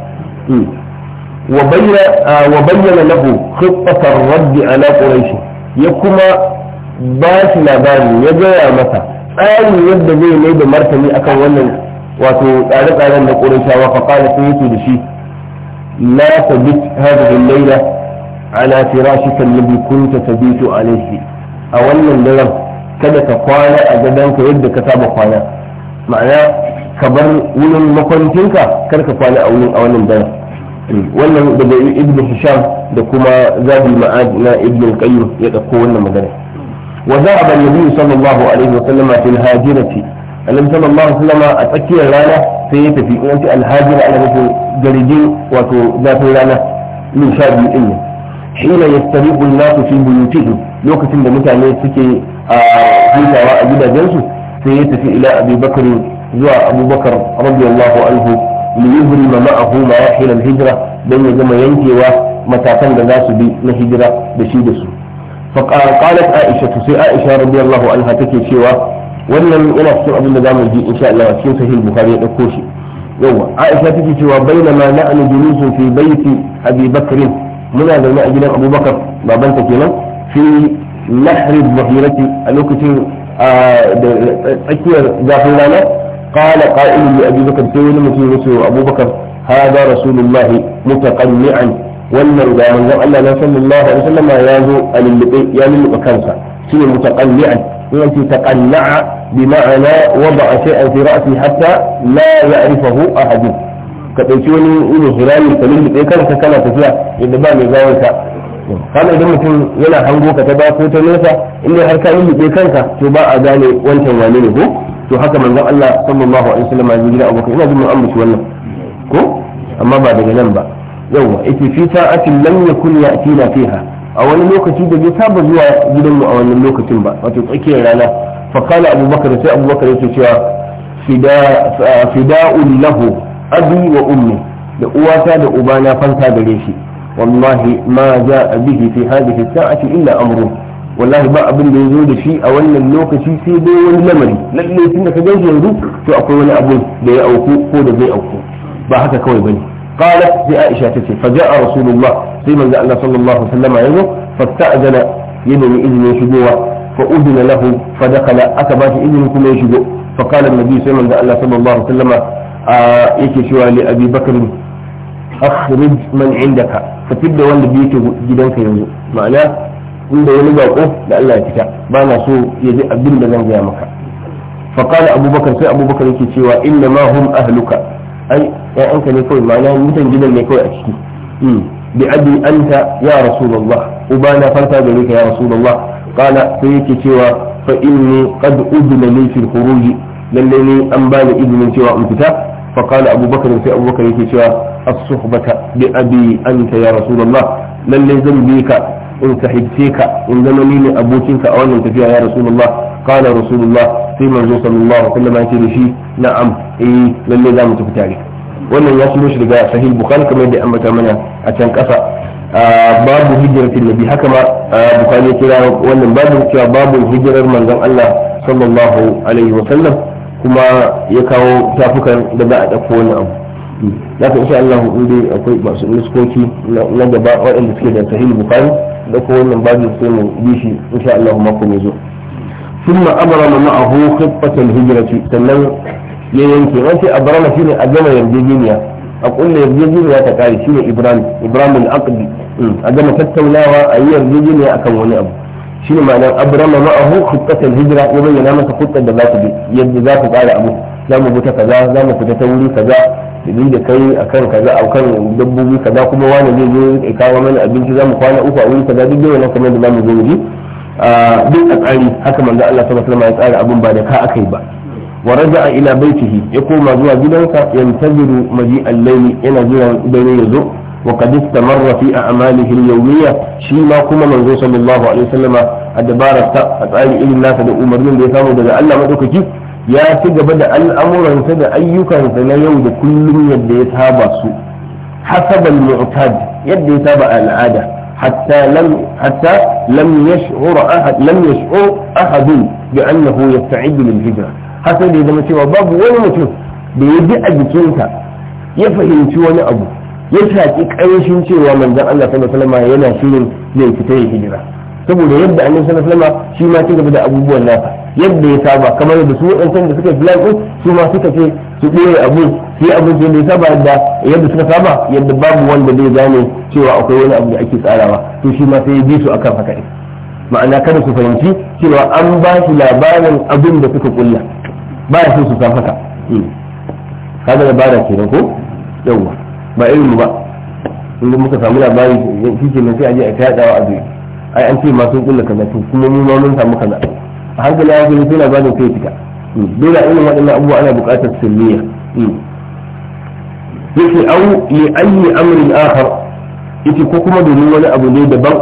wa bayyana wa bayyana lahu khiffatar radd ala ya kuma bashi shi labari ya gaya masa tsarin yadda zai mai da martani akan wannan wato tsare-tsaren da qurayshawa fa qala sai yake da shi la tabit hadhihi al-layla na bikunta alladhi kunta tabitu alayhi a wannan daren kada ka kwana a gadonka yadda ka saba kwana ma'ana ka bar wurin makwantinka kar ka kwana a wurin a wannan daren wannan daga ibn hisham da kuma zabi ma'ad na ibn qayyim ya dauko wannan magana wa za'aba an-nabi sallallahu alaihi wa sallam fi al-hajirati annabi sallallahu alaihi wa a tsakiyar rana sai ya tafi in ce al-hajira ana nufin garijin wato zafin rana min sha biyu din ne hina yastariqu an-nasu fi buyutihim lokacin da mutane suke a ah, hutawa a gidajensu sai ya tafi ila abi bakar zuwa abubakar radiyallahu anhu li yuhrima ma'ahu ma yahil al-hijra dan ya gama yankewa matakan da za su bi na hijira da shi da su aisha عائشة aisha rabi رضي الله عنها تكي cewa wannan yana cikin abin da za mu ji insha Allah cikin sahih bukhari ya dauko shi yawa Aisha take cewa bainama na'anu julusun fi baiti Abi Bakr muna zaune a gidan abubakar babanta baban ta kenan fi lahrib mahirati a lokacin tsakiyar zafin rana qala qa'ilun li abi bakr sai wani mutum ya ce wa abubakar hada rasulullah wannan ga manzon Allah na sallallahu alaihi wasallam ya zo a ya lullube kansa shine mutaqanni'an yace taqanna'a bima'ana wada'a shay'an fi ra'si hatta la ya'rifahu ahadun ka ɗauki wani irin hirami ka lullube kanka kana tafiya yadda ba mai gawar ka kana idan mutum yana hango ka ta ba ko ta nesa inda har ka yi kanka to ba a gane wancan wane ne ko to haka manzon Allah sallallahu alaihi wasallam ya gida abokan ina jin mun ambaci wannan ko amma ba daga nan ba yawa yake fi sa'atin lam yakun ya'tina fiha a wani lokaci da bai saba zuwa gidan mu a wannan lokacin ba wato tsakiyar rana fa kana abubakar sai abubakar yake cewa fida'un lahu abi wa ummi da uwata da ubana fanta gare shi والله ما جاء به في هذه الساعة illa أمره wallahi ba abin da ya zo da shi a wannan lokaci sai dai wani lamari lalle tun da ka gaji yanzu to akwai wani abu da ya auku ko da zai auku ba haka kawai ba ne qalat sai aisha ta ce fa a rasulullah sai manzo Allah sallallahu alaihi wasallam yazo fasta'zana ya nemi izinin shigowa fa udina fa dakala aka ba shi izinin kuma ya shigo fa qala annabi sai manzo Allah sallallahu alaihi wasallam yake cewa li abi bakr akhrij man indaka ka da wanda bi yake gidanka yanzu ma'ana inda wani bako da Allah ya fita ba na so ya ji abin da zan gaya maka fa abubakar sai abubakar yake cewa inda ma hum ahluka ai ya'anka ne kawai ma'ana mutan gidan ne kawai a ciki bi abi anta ya rasulullah ubana farta gare ka ya rasulullah qala sai yake cewa fa inni qad udna li fil khuruj lalle ne an bani izinin cewa in fita فقال أبو بكر في أبو بكر يكي الصحبة بأبي أنت يا رسول الله لن لزم بيك إن سحبتيك إن زمنين أبوتك أو أن تفيها يا رسول الله قال رسول الله في منزول صلى الله عليه وسلم يتي شيء نعم إيه لن لزم تفتالك wannan ya shigo shi sahih bukhari kamar yadda ambata mana a can kasa babu hijiratin nabi haka ma bukhari ya kira wannan babu cewa babu hijirar manzon Allah sallallahu alaihi wa kuma ya kawo tafukan da za a ɗauko wani abu za ka insha Allah in dai akwai masu nuskoki na gaba waɗanda suke da sahih bukari da ko wannan babu sai mu bi shi insha Allah mako mai zo ثم أمر معه خطة الهجرة sannan ya yanke wace abrana shine a gama yarjejeniya a kulle yarjejeniya ta kare shine ibrahim ibrahim al-aqdi hmm, a gama tattaunawa a yi yarjejeniya akan wani abu shine ma'anar abrama ma'ahu khutbatul hijra ya bayyana masa khutbar da za ku bi yadda za ku ƙara abu za mu buta kaza za mu fita ta wuri kaza idan da kai akan kaza kan dabbobi kaza kuma wani zai zo ya kawo mana abinci za mu kwana uku a wuri kaza duk da wannan kamar da za mu zo wuri duk a tsari haka manzo Allah sallallahu alaihi wasallam ya tsara abun ba da ka akai ba wa raja'a ila baitihi ya koma zuwa gidansa yantaziru maji al-layli yana jiran dare ya zo وقد استمر في أعماله اليومية شي ما كما منزو صلى الله عليه وسلم أدبار أفعال إلي الناس دا أمرين دي سامو دا ألا مدوكي يا سيجا بدا الأمر أن دا أيوكا انسى يوم دا كل يد يتابع سوء حسب المعتاد يد يتابع العادة حتى لم حتى لم يشعر أحد لم يشعر أحد بأنه يستعد للهجرة حسب إذا ما شوى باب ولا ما شوى بيجي أجتينك يفهم شو أنا أبو ya taki ƙarshen cewa manzon Allah sallallahu alaihi wasallam yana shirin zai fita ya hijira saboda yadda annabi sallallahu alaihi wasallam shi ma gaba da abubuwan nasa yadda ya saba kamar yadda su waɗancan da suka yi filan ɗin su ma suka ce su ɗore abu sai abin da ya saba yadda yadda suka saba yadda babu wanda zai gane cewa akwai wani abu da ake tsarawa to shi ma sai ya bi su akan haka ɗin ma'ana kada su fahimci cewa an ba shi labarin abin da suka kulla ba ya so su san haka hmm. kaga dabara kenan ko yawwa ba irin mu ba in ga muka samu labari shi ke sai a je a ta a duniya ai an ce ma sun kulla kaza to kuma mu ma mun samu kaza a hankali ya gani sai labarin kai fita hmm. dole a irin waɗannan abubuwa ana buƙatar sirriya hmm. yake au li ayi amrin akhar yake ko kuma domin wani abu ne daban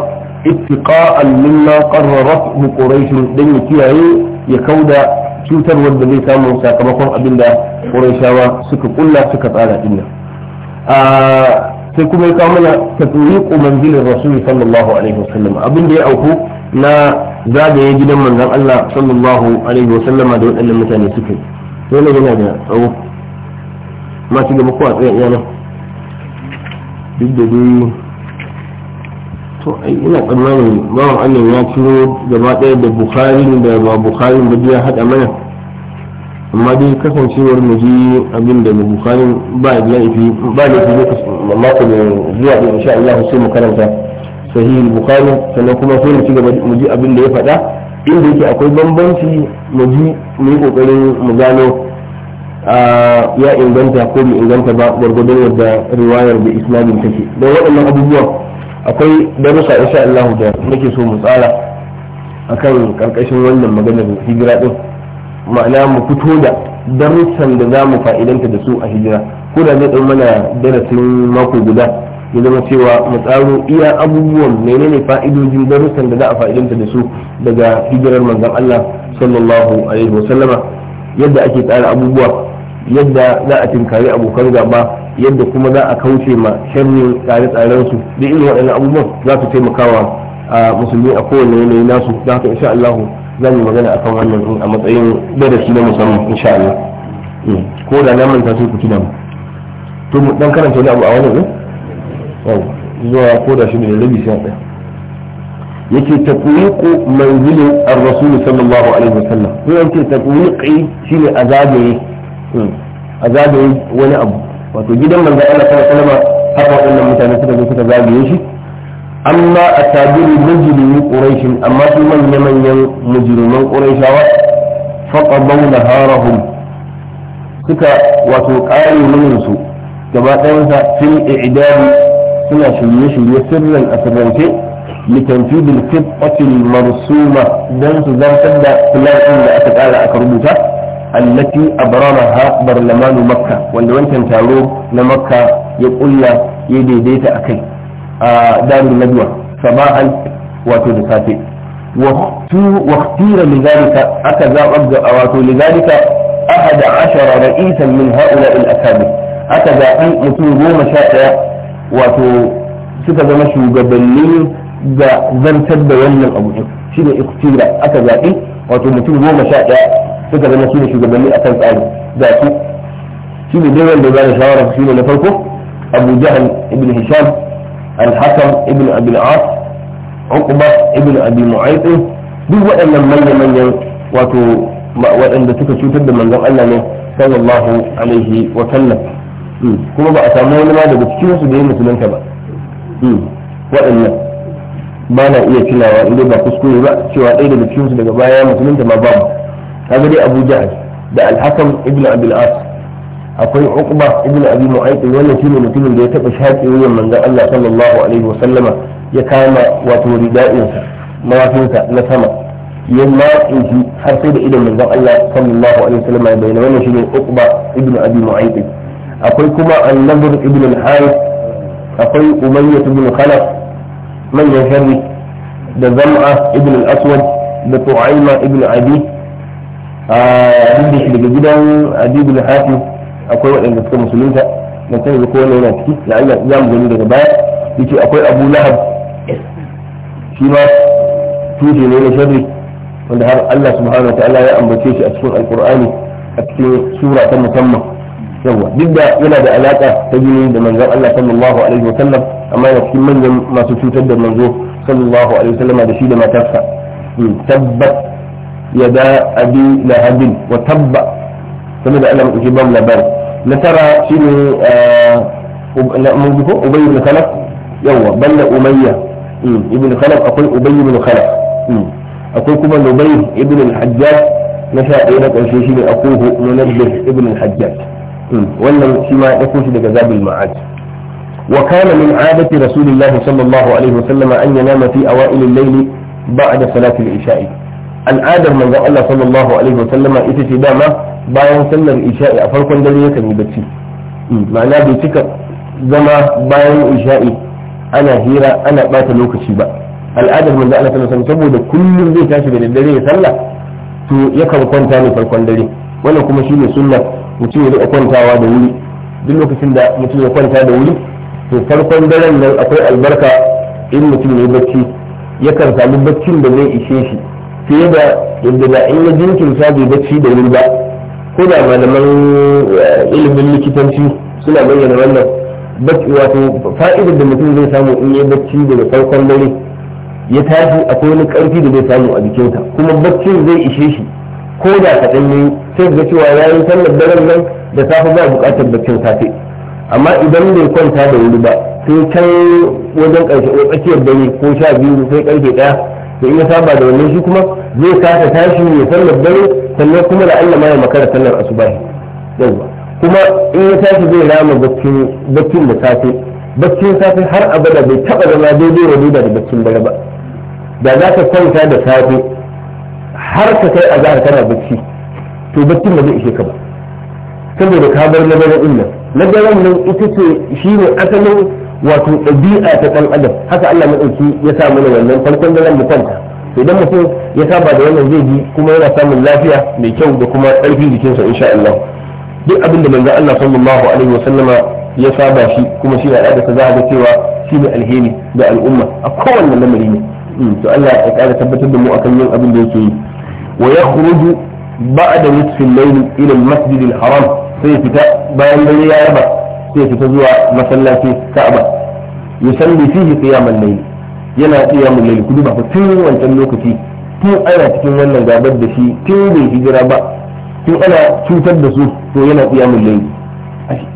ittiqa'an mimma qarrarathu quraish dan ya kiyaye ya kauda cutar wanda zai samu sakamakon abinda quraishawa suka kulla suka tsara dinnan sai kuma ya kawo mana tatwiqu manzilin rasuli sallallahu alaihi wasallam abin da ya auku na zagaye gidan manzon Allah sallallahu alaihi wasallam da waɗannan mutane suke to ne yana da tsawo ma shi gaba ko a tsayin iyana duk da dai to ai ina tsammanin bawan Allah ya ciro gaba ɗaya da Bukhari da ba Bukhari da ya haɗa mana amma dai kasancewar mu ji abin da mu bukari ba laifi ba laifi mako mai zuwa da insha Allah sai mu karanta sahih bukhari sannan kuma sai mu ci gaba mu ji abin da ya faɗa inda yake akwai bambanci mu ji mu yi kokarin mu gano ya inganta ko bai inganta ba gwargwadon yadda riwayar da islamin take don waɗannan abubuwan akwai darussa insha Allah da nake so mu tsara akan karkashin wannan maganar hijira din ma'ana mu fito da darussan da za mu fa'idanta da su a hijira ko da zai ɗan mana darasin mako guda ya zama cewa mu tsaro iya abubuwan menene fa'idojin darussan da za a fa'idanta da su daga hijirar manzon Allah sallallahu alaihi wasallama yadda ake tsara abubuwa yadda za a tinkari abokan gaba yadda kuma za a kauce ma sharrin tsare-tsaren su da irin waɗannan abubuwan za su taimakawa a musulmi a kowane yanayi nasu za ka insha Allah zan yi magana akan wannan a matsayin darasi na musamman insha Allah mm. ko da na manta sai ku tuna mu to mu dan karanta wani abu a wannan ne eh? zuwa ko da shi ne rabi sha ɗaya yake taqwiqu manzilin ar-rasul sallallahu alaihi wasallam ko yake taqwiqi shine azabe mm. azabe wani abu wato gidan manzo Allah sallallahu alaihi wasallam haka wannan mutane suka zo suka zagaye shi amma a tabiru mujrimu quraishin amma su manya manyan mujriman quraishawa faqadaw naharahum suka wato ƙare munin su gaba ɗayansa fil i'dadi suna shirye shirye sirran a sirrance litanfidil fitatil marsuma dan su zartar da filan da aka ƙara aka rubuta allati abramaha barlamanu makka wanda wancan taro na makka ya ƙulla ya daidaita a kai darul najwa saba'an wato da safe واختير لذلك أكذا أبدا أواتو لذلك أحد عشر رئيسا من هؤلاء الأكابر أكذا أن يتوبوا مشاعر واتو suka zama shugabanni ga zartar da wannan abu shi ne ikhtira aka zaɓi wato mutum goma sha ɗaya suka zama shi ne shugabanni a kan tsari da su shi ne dai wanda ya bada shawara shi ne na farko abu jahal ibn hisham الحكم ابن أبي العاص عقبة ابن أبي معيط duk waɗannan manya-manyan wato waɗanda suka cutar da manzon Allah ne sallallahu alaihi wa sallam hmm. kuma ba a samu wani ma daga cikin su da ya musulunta ba hmm. waɗannan ba na iya tunawa inda ba kuskure ba cewa ɗaya daga cikin su daga baya musulunta ma babu kaga dai Abu da Al-Hakam ibn Abi al-As akwai uqba ibn abi mu'ayth wannan shine mutumin da ya taba shaƙe wuyan manzon Allah sallallahu alaihi wa sallama ya kama wato rida'insa mawafinsa na sama ya matsin shi har sai da idan manzon Allah sallallahu alaihi wa sallama ya bayyana wannan shine uqba ibn abi mu'ayth akwai kuma an-nadr ibn al-harith akwai umayyah ibn khalaf manyan sharri da zam'a ibn al-aswad da tu'ayma ibn abi a ah, duk da daga gidan abi ibn hafiz akwai waɗanda suka musulunta na kan ko wani yana ciki da Allah ya mu gani daga baya yace akwai Abu Lahab shi ma tuje ne na shari wanda har Allah subhanahu wa ta'ala ya ambace shi a cikin alqur'ani a cikin sura ta musamman yawa duk da yana da alaka ta jini da manzon Allah sallallahu alaihi wa sallam amma yana cikin manyan masu cutar da manzo sallallahu alaihi wa sallam da shi da matarsa hmm, tabbat yada abi lahabin wa tabba saboda Allah mu ba mu labari na tara shine mun ko ubay ibn khalaf yawa balla umayya ibn khalaf akwai ubay ibn khalaf akwai kuma nubay ibn al-hajjaj na sha ɗaya na ƙarshe shine akuhu munabbih ibn al-hajjaj wannan shi ma ya ɗauko shi daga zabil ma'ad وكان من عادة رسول الله صلى الله عليه وسلم أن ينام في أوائل الليل بعد صلاة العشاء al'adar manzon Allah sallallahu alaihi wa sallama ita ce dama bayan sallar isha'i a farkon dare yakan yi bacci hmm, ma'ana bai cika zama bayan isha'i ana hira ana bata lokaci ba al'adar manzon Allah sallallahu alaihi saboda kullum zai tashi da daddare ya sallah to yakan kwanta ne farkon dare wannan kuma shine sunna mutum ya rika kwantawa da wuri duk lokacin da mutum ya kwanta da wuri to farkon daren nan akwai albarka in mutum ya yi bacci yakan samu baccin da zai ishe shi fiye da yadda na in ya jinkirta da bacci da wuri ba ko da malaman eh, ilimin likitanci suna bayyana wannan wato fa'idar da mutum zai samu in yi bacci daga farkon dare ya tashi akwai wani karfi da zai samu a jikinsa kuma baccin zai ishe shi ko da kaɗan ne sai ga cewa ya yi sallar daren nan da safe ba buƙatar baccin safe amma idan bai kwanta da wuri ba sai can wajen ƙarshe tsakiyar dare ko sha biyu sai karfe ɗaya to in ya saba da wannan shi kuma zai kasa tashi ya sallar dare sannan kuma da Allah ma ya makara sallar asubahi yawa kuma in ya tashi zai rama baccin da safe baccin safe har abada bai taba zama daidai wa duba da baccin dare ba da za ka kwanta da safe har ka kai a zahar kana bacci to baccin ba zai ishe ka ba saboda ka bar na daren nan na daren nan ita ce shi ne asalin wato ɗabi'a ta ɗan adam haka Allah madauki ya sa mana wannan farkon daren mu kwanta idan mutum ya saba da wannan zai ji kuma yana samun lafiya mai kyau da kuma ƙarfin jikinsa insha Allah duk abin da manzo Allah sallallahu alaihi wasallama ya saba shi kuma shi al'ada ta za ga cewa shi ne alheri ga al'umma a kowanne lamari ne mm, to Allah ya ƙara tabbatar da mu akan yin abin da yake yi wa yakhruju ba'da nisfi al-layl ila al-masjid al-haram sai fita bayan dare ya raba sai fita zuwa masallaci ka'aba yusalli fihi qiyamal layl yana qiyamul layl kudu ba tun wancan lokaci tun ana cikin wannan gabar da shi tun bai hijira ba tun ana cutar da su to yana qiyamul layl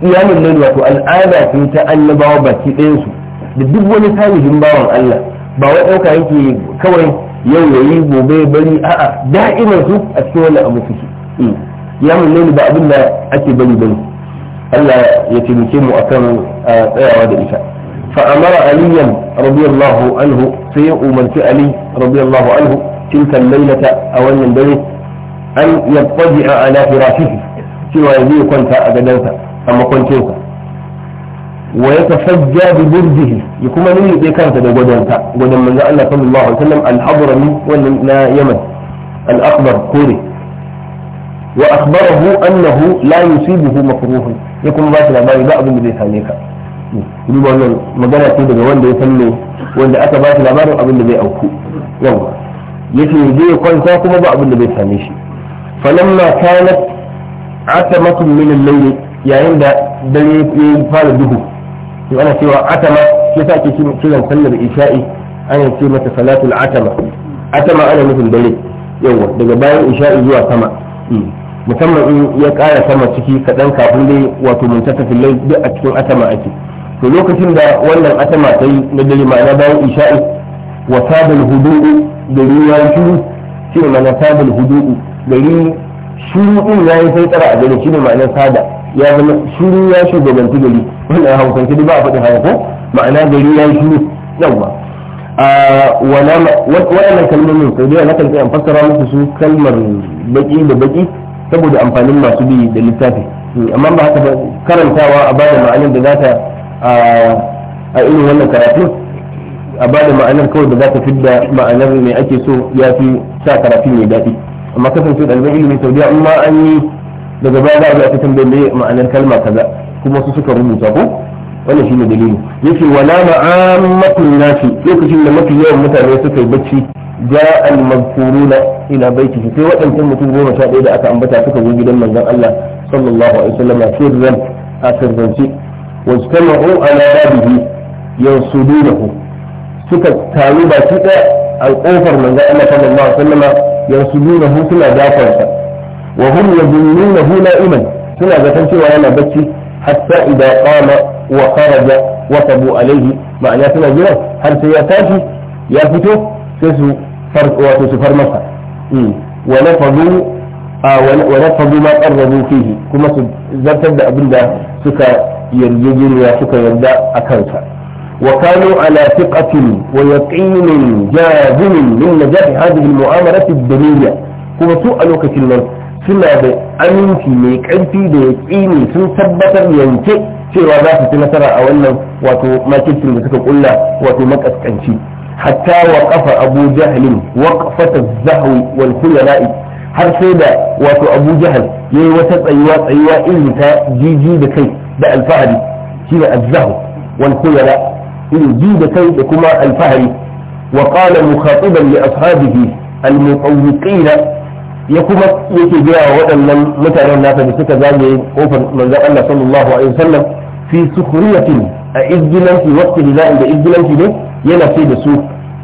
qiyamul layl wato al'ada ce ta annabawa baki ɗayan su da duk wani tarihin bawan Allah ba wai ɗauka yake kawai yau yayi gobe bari a'a da'iman su a cikin wannan abu suke mm. qiyamul layl ba abin da ake bari bari. ألا ya أكانوا mu akan فأمر عليا رضي الله عنه سيؤمن علي رضي الله عنه تلك الليلة أو أن ينبغي أن يضطجع على فراشه سوى يزيه كنت أبدنسا أما كنتنسا ويتفجى ببرده يكون من يكانت دا قدنسا من الله صلى الله عليه وسلم الحضرمي ولا يمن الأخضر كوري وأخبره أنه لا يصيبه مكروه ya kuma ba shi labari ba abin da zai same ka duba wannan magana ce daga wanda ya san ne wanda aka ba shi labarin abin da zai auku yawa yace ya kwanta kuma ba abin da zai same shi falamma kanat atamatun min al-layl yayin da dare ya fara duhu to ana cewa atama shi yasa ake kiran sallar isha'i ana ce mata salatul atama atama ana nufin dare yawa daga bayan isha'i zuwa sama hmm. musamman in ya ƙara sama ciki kaɗan kafin dai wato mun tasafin lai duk a cikin asama ake to lokacin da wannan asama ta yi na dare ma'ana bayan isha'i wa sabal hudu'u gari ya yi shuru shi ne ma'ana sabal hudu'u gari shuru ɗin ya yi sai tsara a gari shi ne ma'ana sada ya zama shuru ya shugabanci gari wannan hausance duk ba a faɗin haka ko ma'ana gari ya yi shuru yawwa wannan kalmomin sau da yawa na kan an fassara musu su kalmar baki da baki saboda amfanin masu bi da littafi eh, amma ba haka ba karantawa a bada ma'anar da za ta a irin wannan karatu a bada ma'anar kawai da za ta fidda ma'anar mai ake so ya fi sa karatu mai daɗi amma kasance ɗaliban ilimin saudiya in ma an yi daga baya za a ta tambaye ma'anar kalma kaza kuma su suka rubuta ko wannan shine dalili yace wala ma'ammatun nasi lokacin da mafi yawan mutane suka yi bacci ja al-mazkuruna ila baitihi sai waɗancan mutum goma sha ɗaya da aka ambata suka zo gidan manzon Allah sallallahu alaihi wasallam sirran a sirrance wajtama'u ala babihi yansudunahu suka taru baki ɗaya a kofar manzon Allah sallallahu alaihi wasallam yansudunahu suna dafarsa wa hum yadunnunahu na'iman suna zaton cewa yana bacci hatta idan qama wa kharaja wa sabu alaihi ma'ana suna jira har sai ya tashi ya fito sai su wato su far masa hmm. wa nafadu wa nafadu ma qarrabu fihi kuma su zartar da abin da suka yarjejeniya suka yarda a kansa وكانوا على ثقة ويقين جازم من نجاح هذه المؤامرة kuma su a لوكة النصر suna da aminci mai karfi da ya tsini sun tabbatar yanke cewa za su ci nasara a wannan wato makircin da suka kulla wato makaskanci hatta wa kafa abu jahalin wa kafata zahawi wal khuyala'i har sai da wato abu jahal ya yi wata tsayuwa tsayuwa irin ta jiji da kai da alfahari shi ne azzahu wal khuyala irin ji da kai da kuma alfahari wa qala mukhatiban li ashabihi al mutawwiqina ya kuma yake gaya wa waɗannan mutanen nasa da suka zagaye kofar manzon Allah sallallahu alaihi wasallam fi sukhriyatin a izgilanci waqti lida'in da izgilanci ne yana ce da su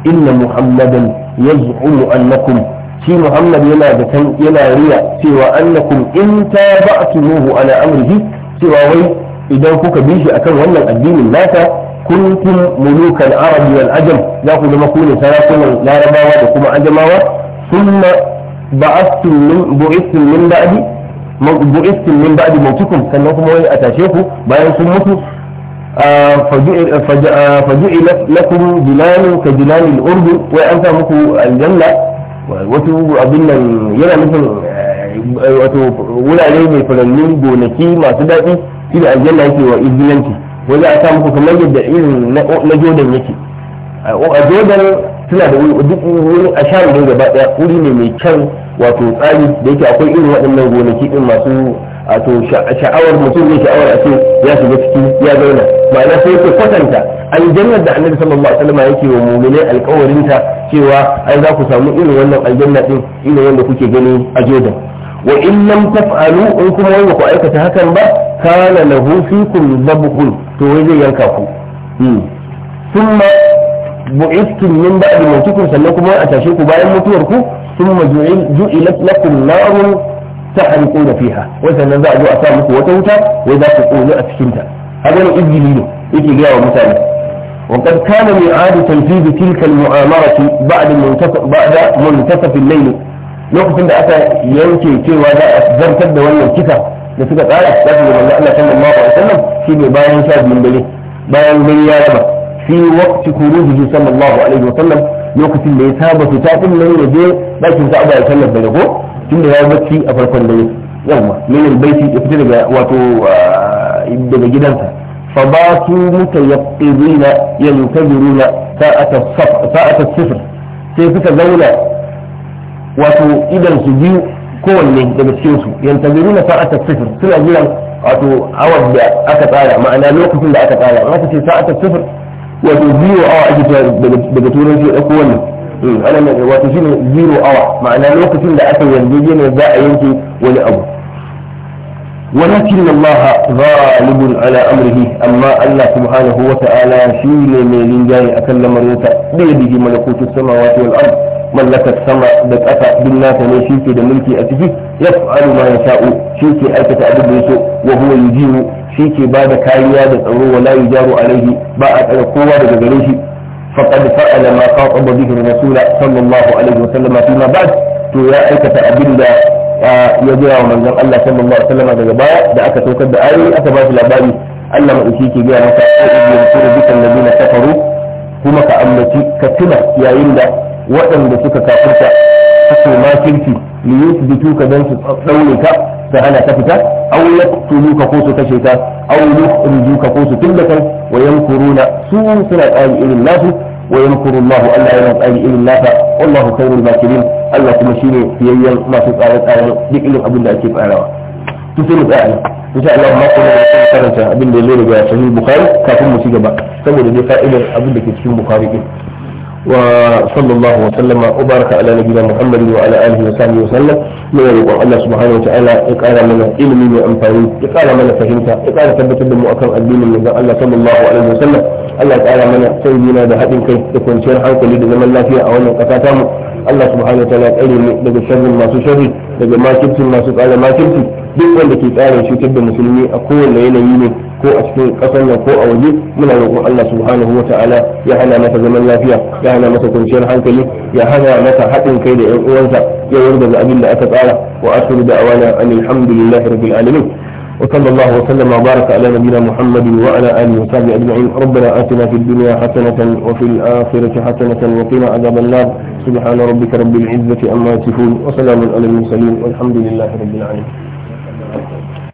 inna muhammadan yaz'umu annakum shi muhammad yana da kan yana riya cewa annakum in taba'tumuhu ala amrihi cewa wai idan kuka bi shi akan wannan addinin nasa kuntum mulukan arabi wal ajam za ku zama ku ne sarakunan larabawa da kuma ajamawa sunna ba'astum min bu'istum min ba'di bu'istum min ba'di mautikum sannan kuma wai a tashe ku bayan sun mutu faju'i lakum jilanu ka jilani al-urdu wai an sa muku aljanna wato abin nan yana nufin eh, wato wurare mai furanni gonaki masu daɗi shi da aljanna yake wa izilanci wai za a sa muku kamar yadda irin na jodan yake a jodan suna da wurin a sha idan gaba daya wuri ne mai kyan wato tsari da yake akwai irin waɗannan gonaki din masu wato sha'awar mutum ne sha'awar a ce ya shiga ciki ya zauna ma'ana sai ke kwatanta janyar da annabi sallallahu alaihi wasallam yake wa mu'mine alƙawarin ta cewa ai za ku samu irin wannan aljanna din irin wanda kuke gani a jeda wa in lam taf'alu in kuma wanda ku aikata hakan ba kana lahu fikum zabhun to wai zai yanka ku hmm. thumma bu'istum min ba'di mautikum sannan kuma a tashe ku bayan mutuwar ku thumma ju'ilat lakum narun tahriquna fiha wannan nan za zo a sa muku wata wuta wai za ku koyo a cikin ta haka ne izgili ne yake ga wa mutane وقد كان ميعاد تنفيذ تلك المؤامرة بعد منتصف بعد منتصف الليل lokacin da aka yanke cewa za a zartar da wannan kisa da suka tsara za su zama Allah sallallahu alaihi wasallam shi ne bayan sha biyun dare bayan gari ya raba في وقت خروجه صلى الله عليه وسلم لوكتي اللي يتابع تاتم لن يجي لكن سعد عليه وسلم بلغه ثم يوم بكي أفرق الليل يوم من البيت يفتر واتو آه، يبدأ جدانسا فباتوا متيقظين ينتظرون ساعة الصفر ساعة الصفر كيف تزولا واتو إذا سجيو كون لي ده بسيوسو ينتظرون ساعة الصفر سلا جيلا واتو عوض بأكت آية معنى لوكتي اللي أكت آية ساعة الصفر wato zero hour ake cewa daga turanci ya ɗauko wannan ana mai wato shine zero hour ma'ana lokacin da aka yanzu ne za a yanke wani abu ولكن الله غالب على أمره أما الله سبحانه وتعالى شيل من جاي أكلم الروتا بيده ملكوت السماوات والأرض ملكت السماء بتأفى بالناس من شيكي دملكي أتجي يفعل ما يشاء شيكي أيكة أبد يسوء وهو يجيب shi ke ba da kariya da tsaro wala yujaru alaihi ba a tsare kowa daga gare shi faqad fa'ala ma kawo bihi rasul sallallahu alaihi wa sallam fima ba'd to ya aikata abinda ya gaya wa manzon Allah sallallahu alaihi wa sallama daga baya da aka saukar da ayoyi aka ba shi labari Allah mai ke gaya masa ko ibn kuru bikan ladina kafaru kuma ka ambaci ka tuna yayin da waɗanda suka kafirta suke makirci su yusbitu ka dan su daure ka سهلا كفتا أو يقتلوك قوس كشتا أو يخرجوك قوس تلك وينكرون سوء سنة آل إلى الله وينكر الله ألا ينب أي إلى الله والله خير الماكرين ألا تمشيني في أي ما في آية آية لك إلى أبو الله كيف أعلم تسلم آية إن شاء الله ما قلنا أبو الله لك يا شهيد بخاري كاكم مسيجة بقى سمو أبو الله كيف بخاري وصلى الله وسلم وبارك على نبينا محمد وعلى اله وصحبه وسلم من يقول الله سبحانه وتعالى يقال من علم وانفعي يقال من فهمت يقال ثبت الدم اكرم الدين من الله صلى الله عليه وسلم الله تعالى من سيدنا بهدم كي يكون شرحا كل زمن لا فيها او ان قتاتهم Allah subhanahu wataala ya tsare mu daga sharrin masu sharri daga makircin masu tsara makirci duk wanda ke tsara cutar da musulmi a kowane yanayi ne ko a cikin ƙasar nan ko a waje muna roƙon Allah subhanahu ta'ala ya hana masa zaman lafiya ya hana masa kwanciyar hankali ya hana masa haɗin kai da 'yan uwansa ya wargaza abin da aka tsara wa asiru da awana alhamdulillahi rabbil alamin وصلى الله وسلم وبارك على نبينا محمد وعلى آله وصحبه أجمعين ربنا آتنا في الدنيا حسنة وفي الآخرة حسنة وقنا عذاب النار سبحان ربك رب العزة عما يصفون وسلام على المرسلين والحمد لله رب العالمين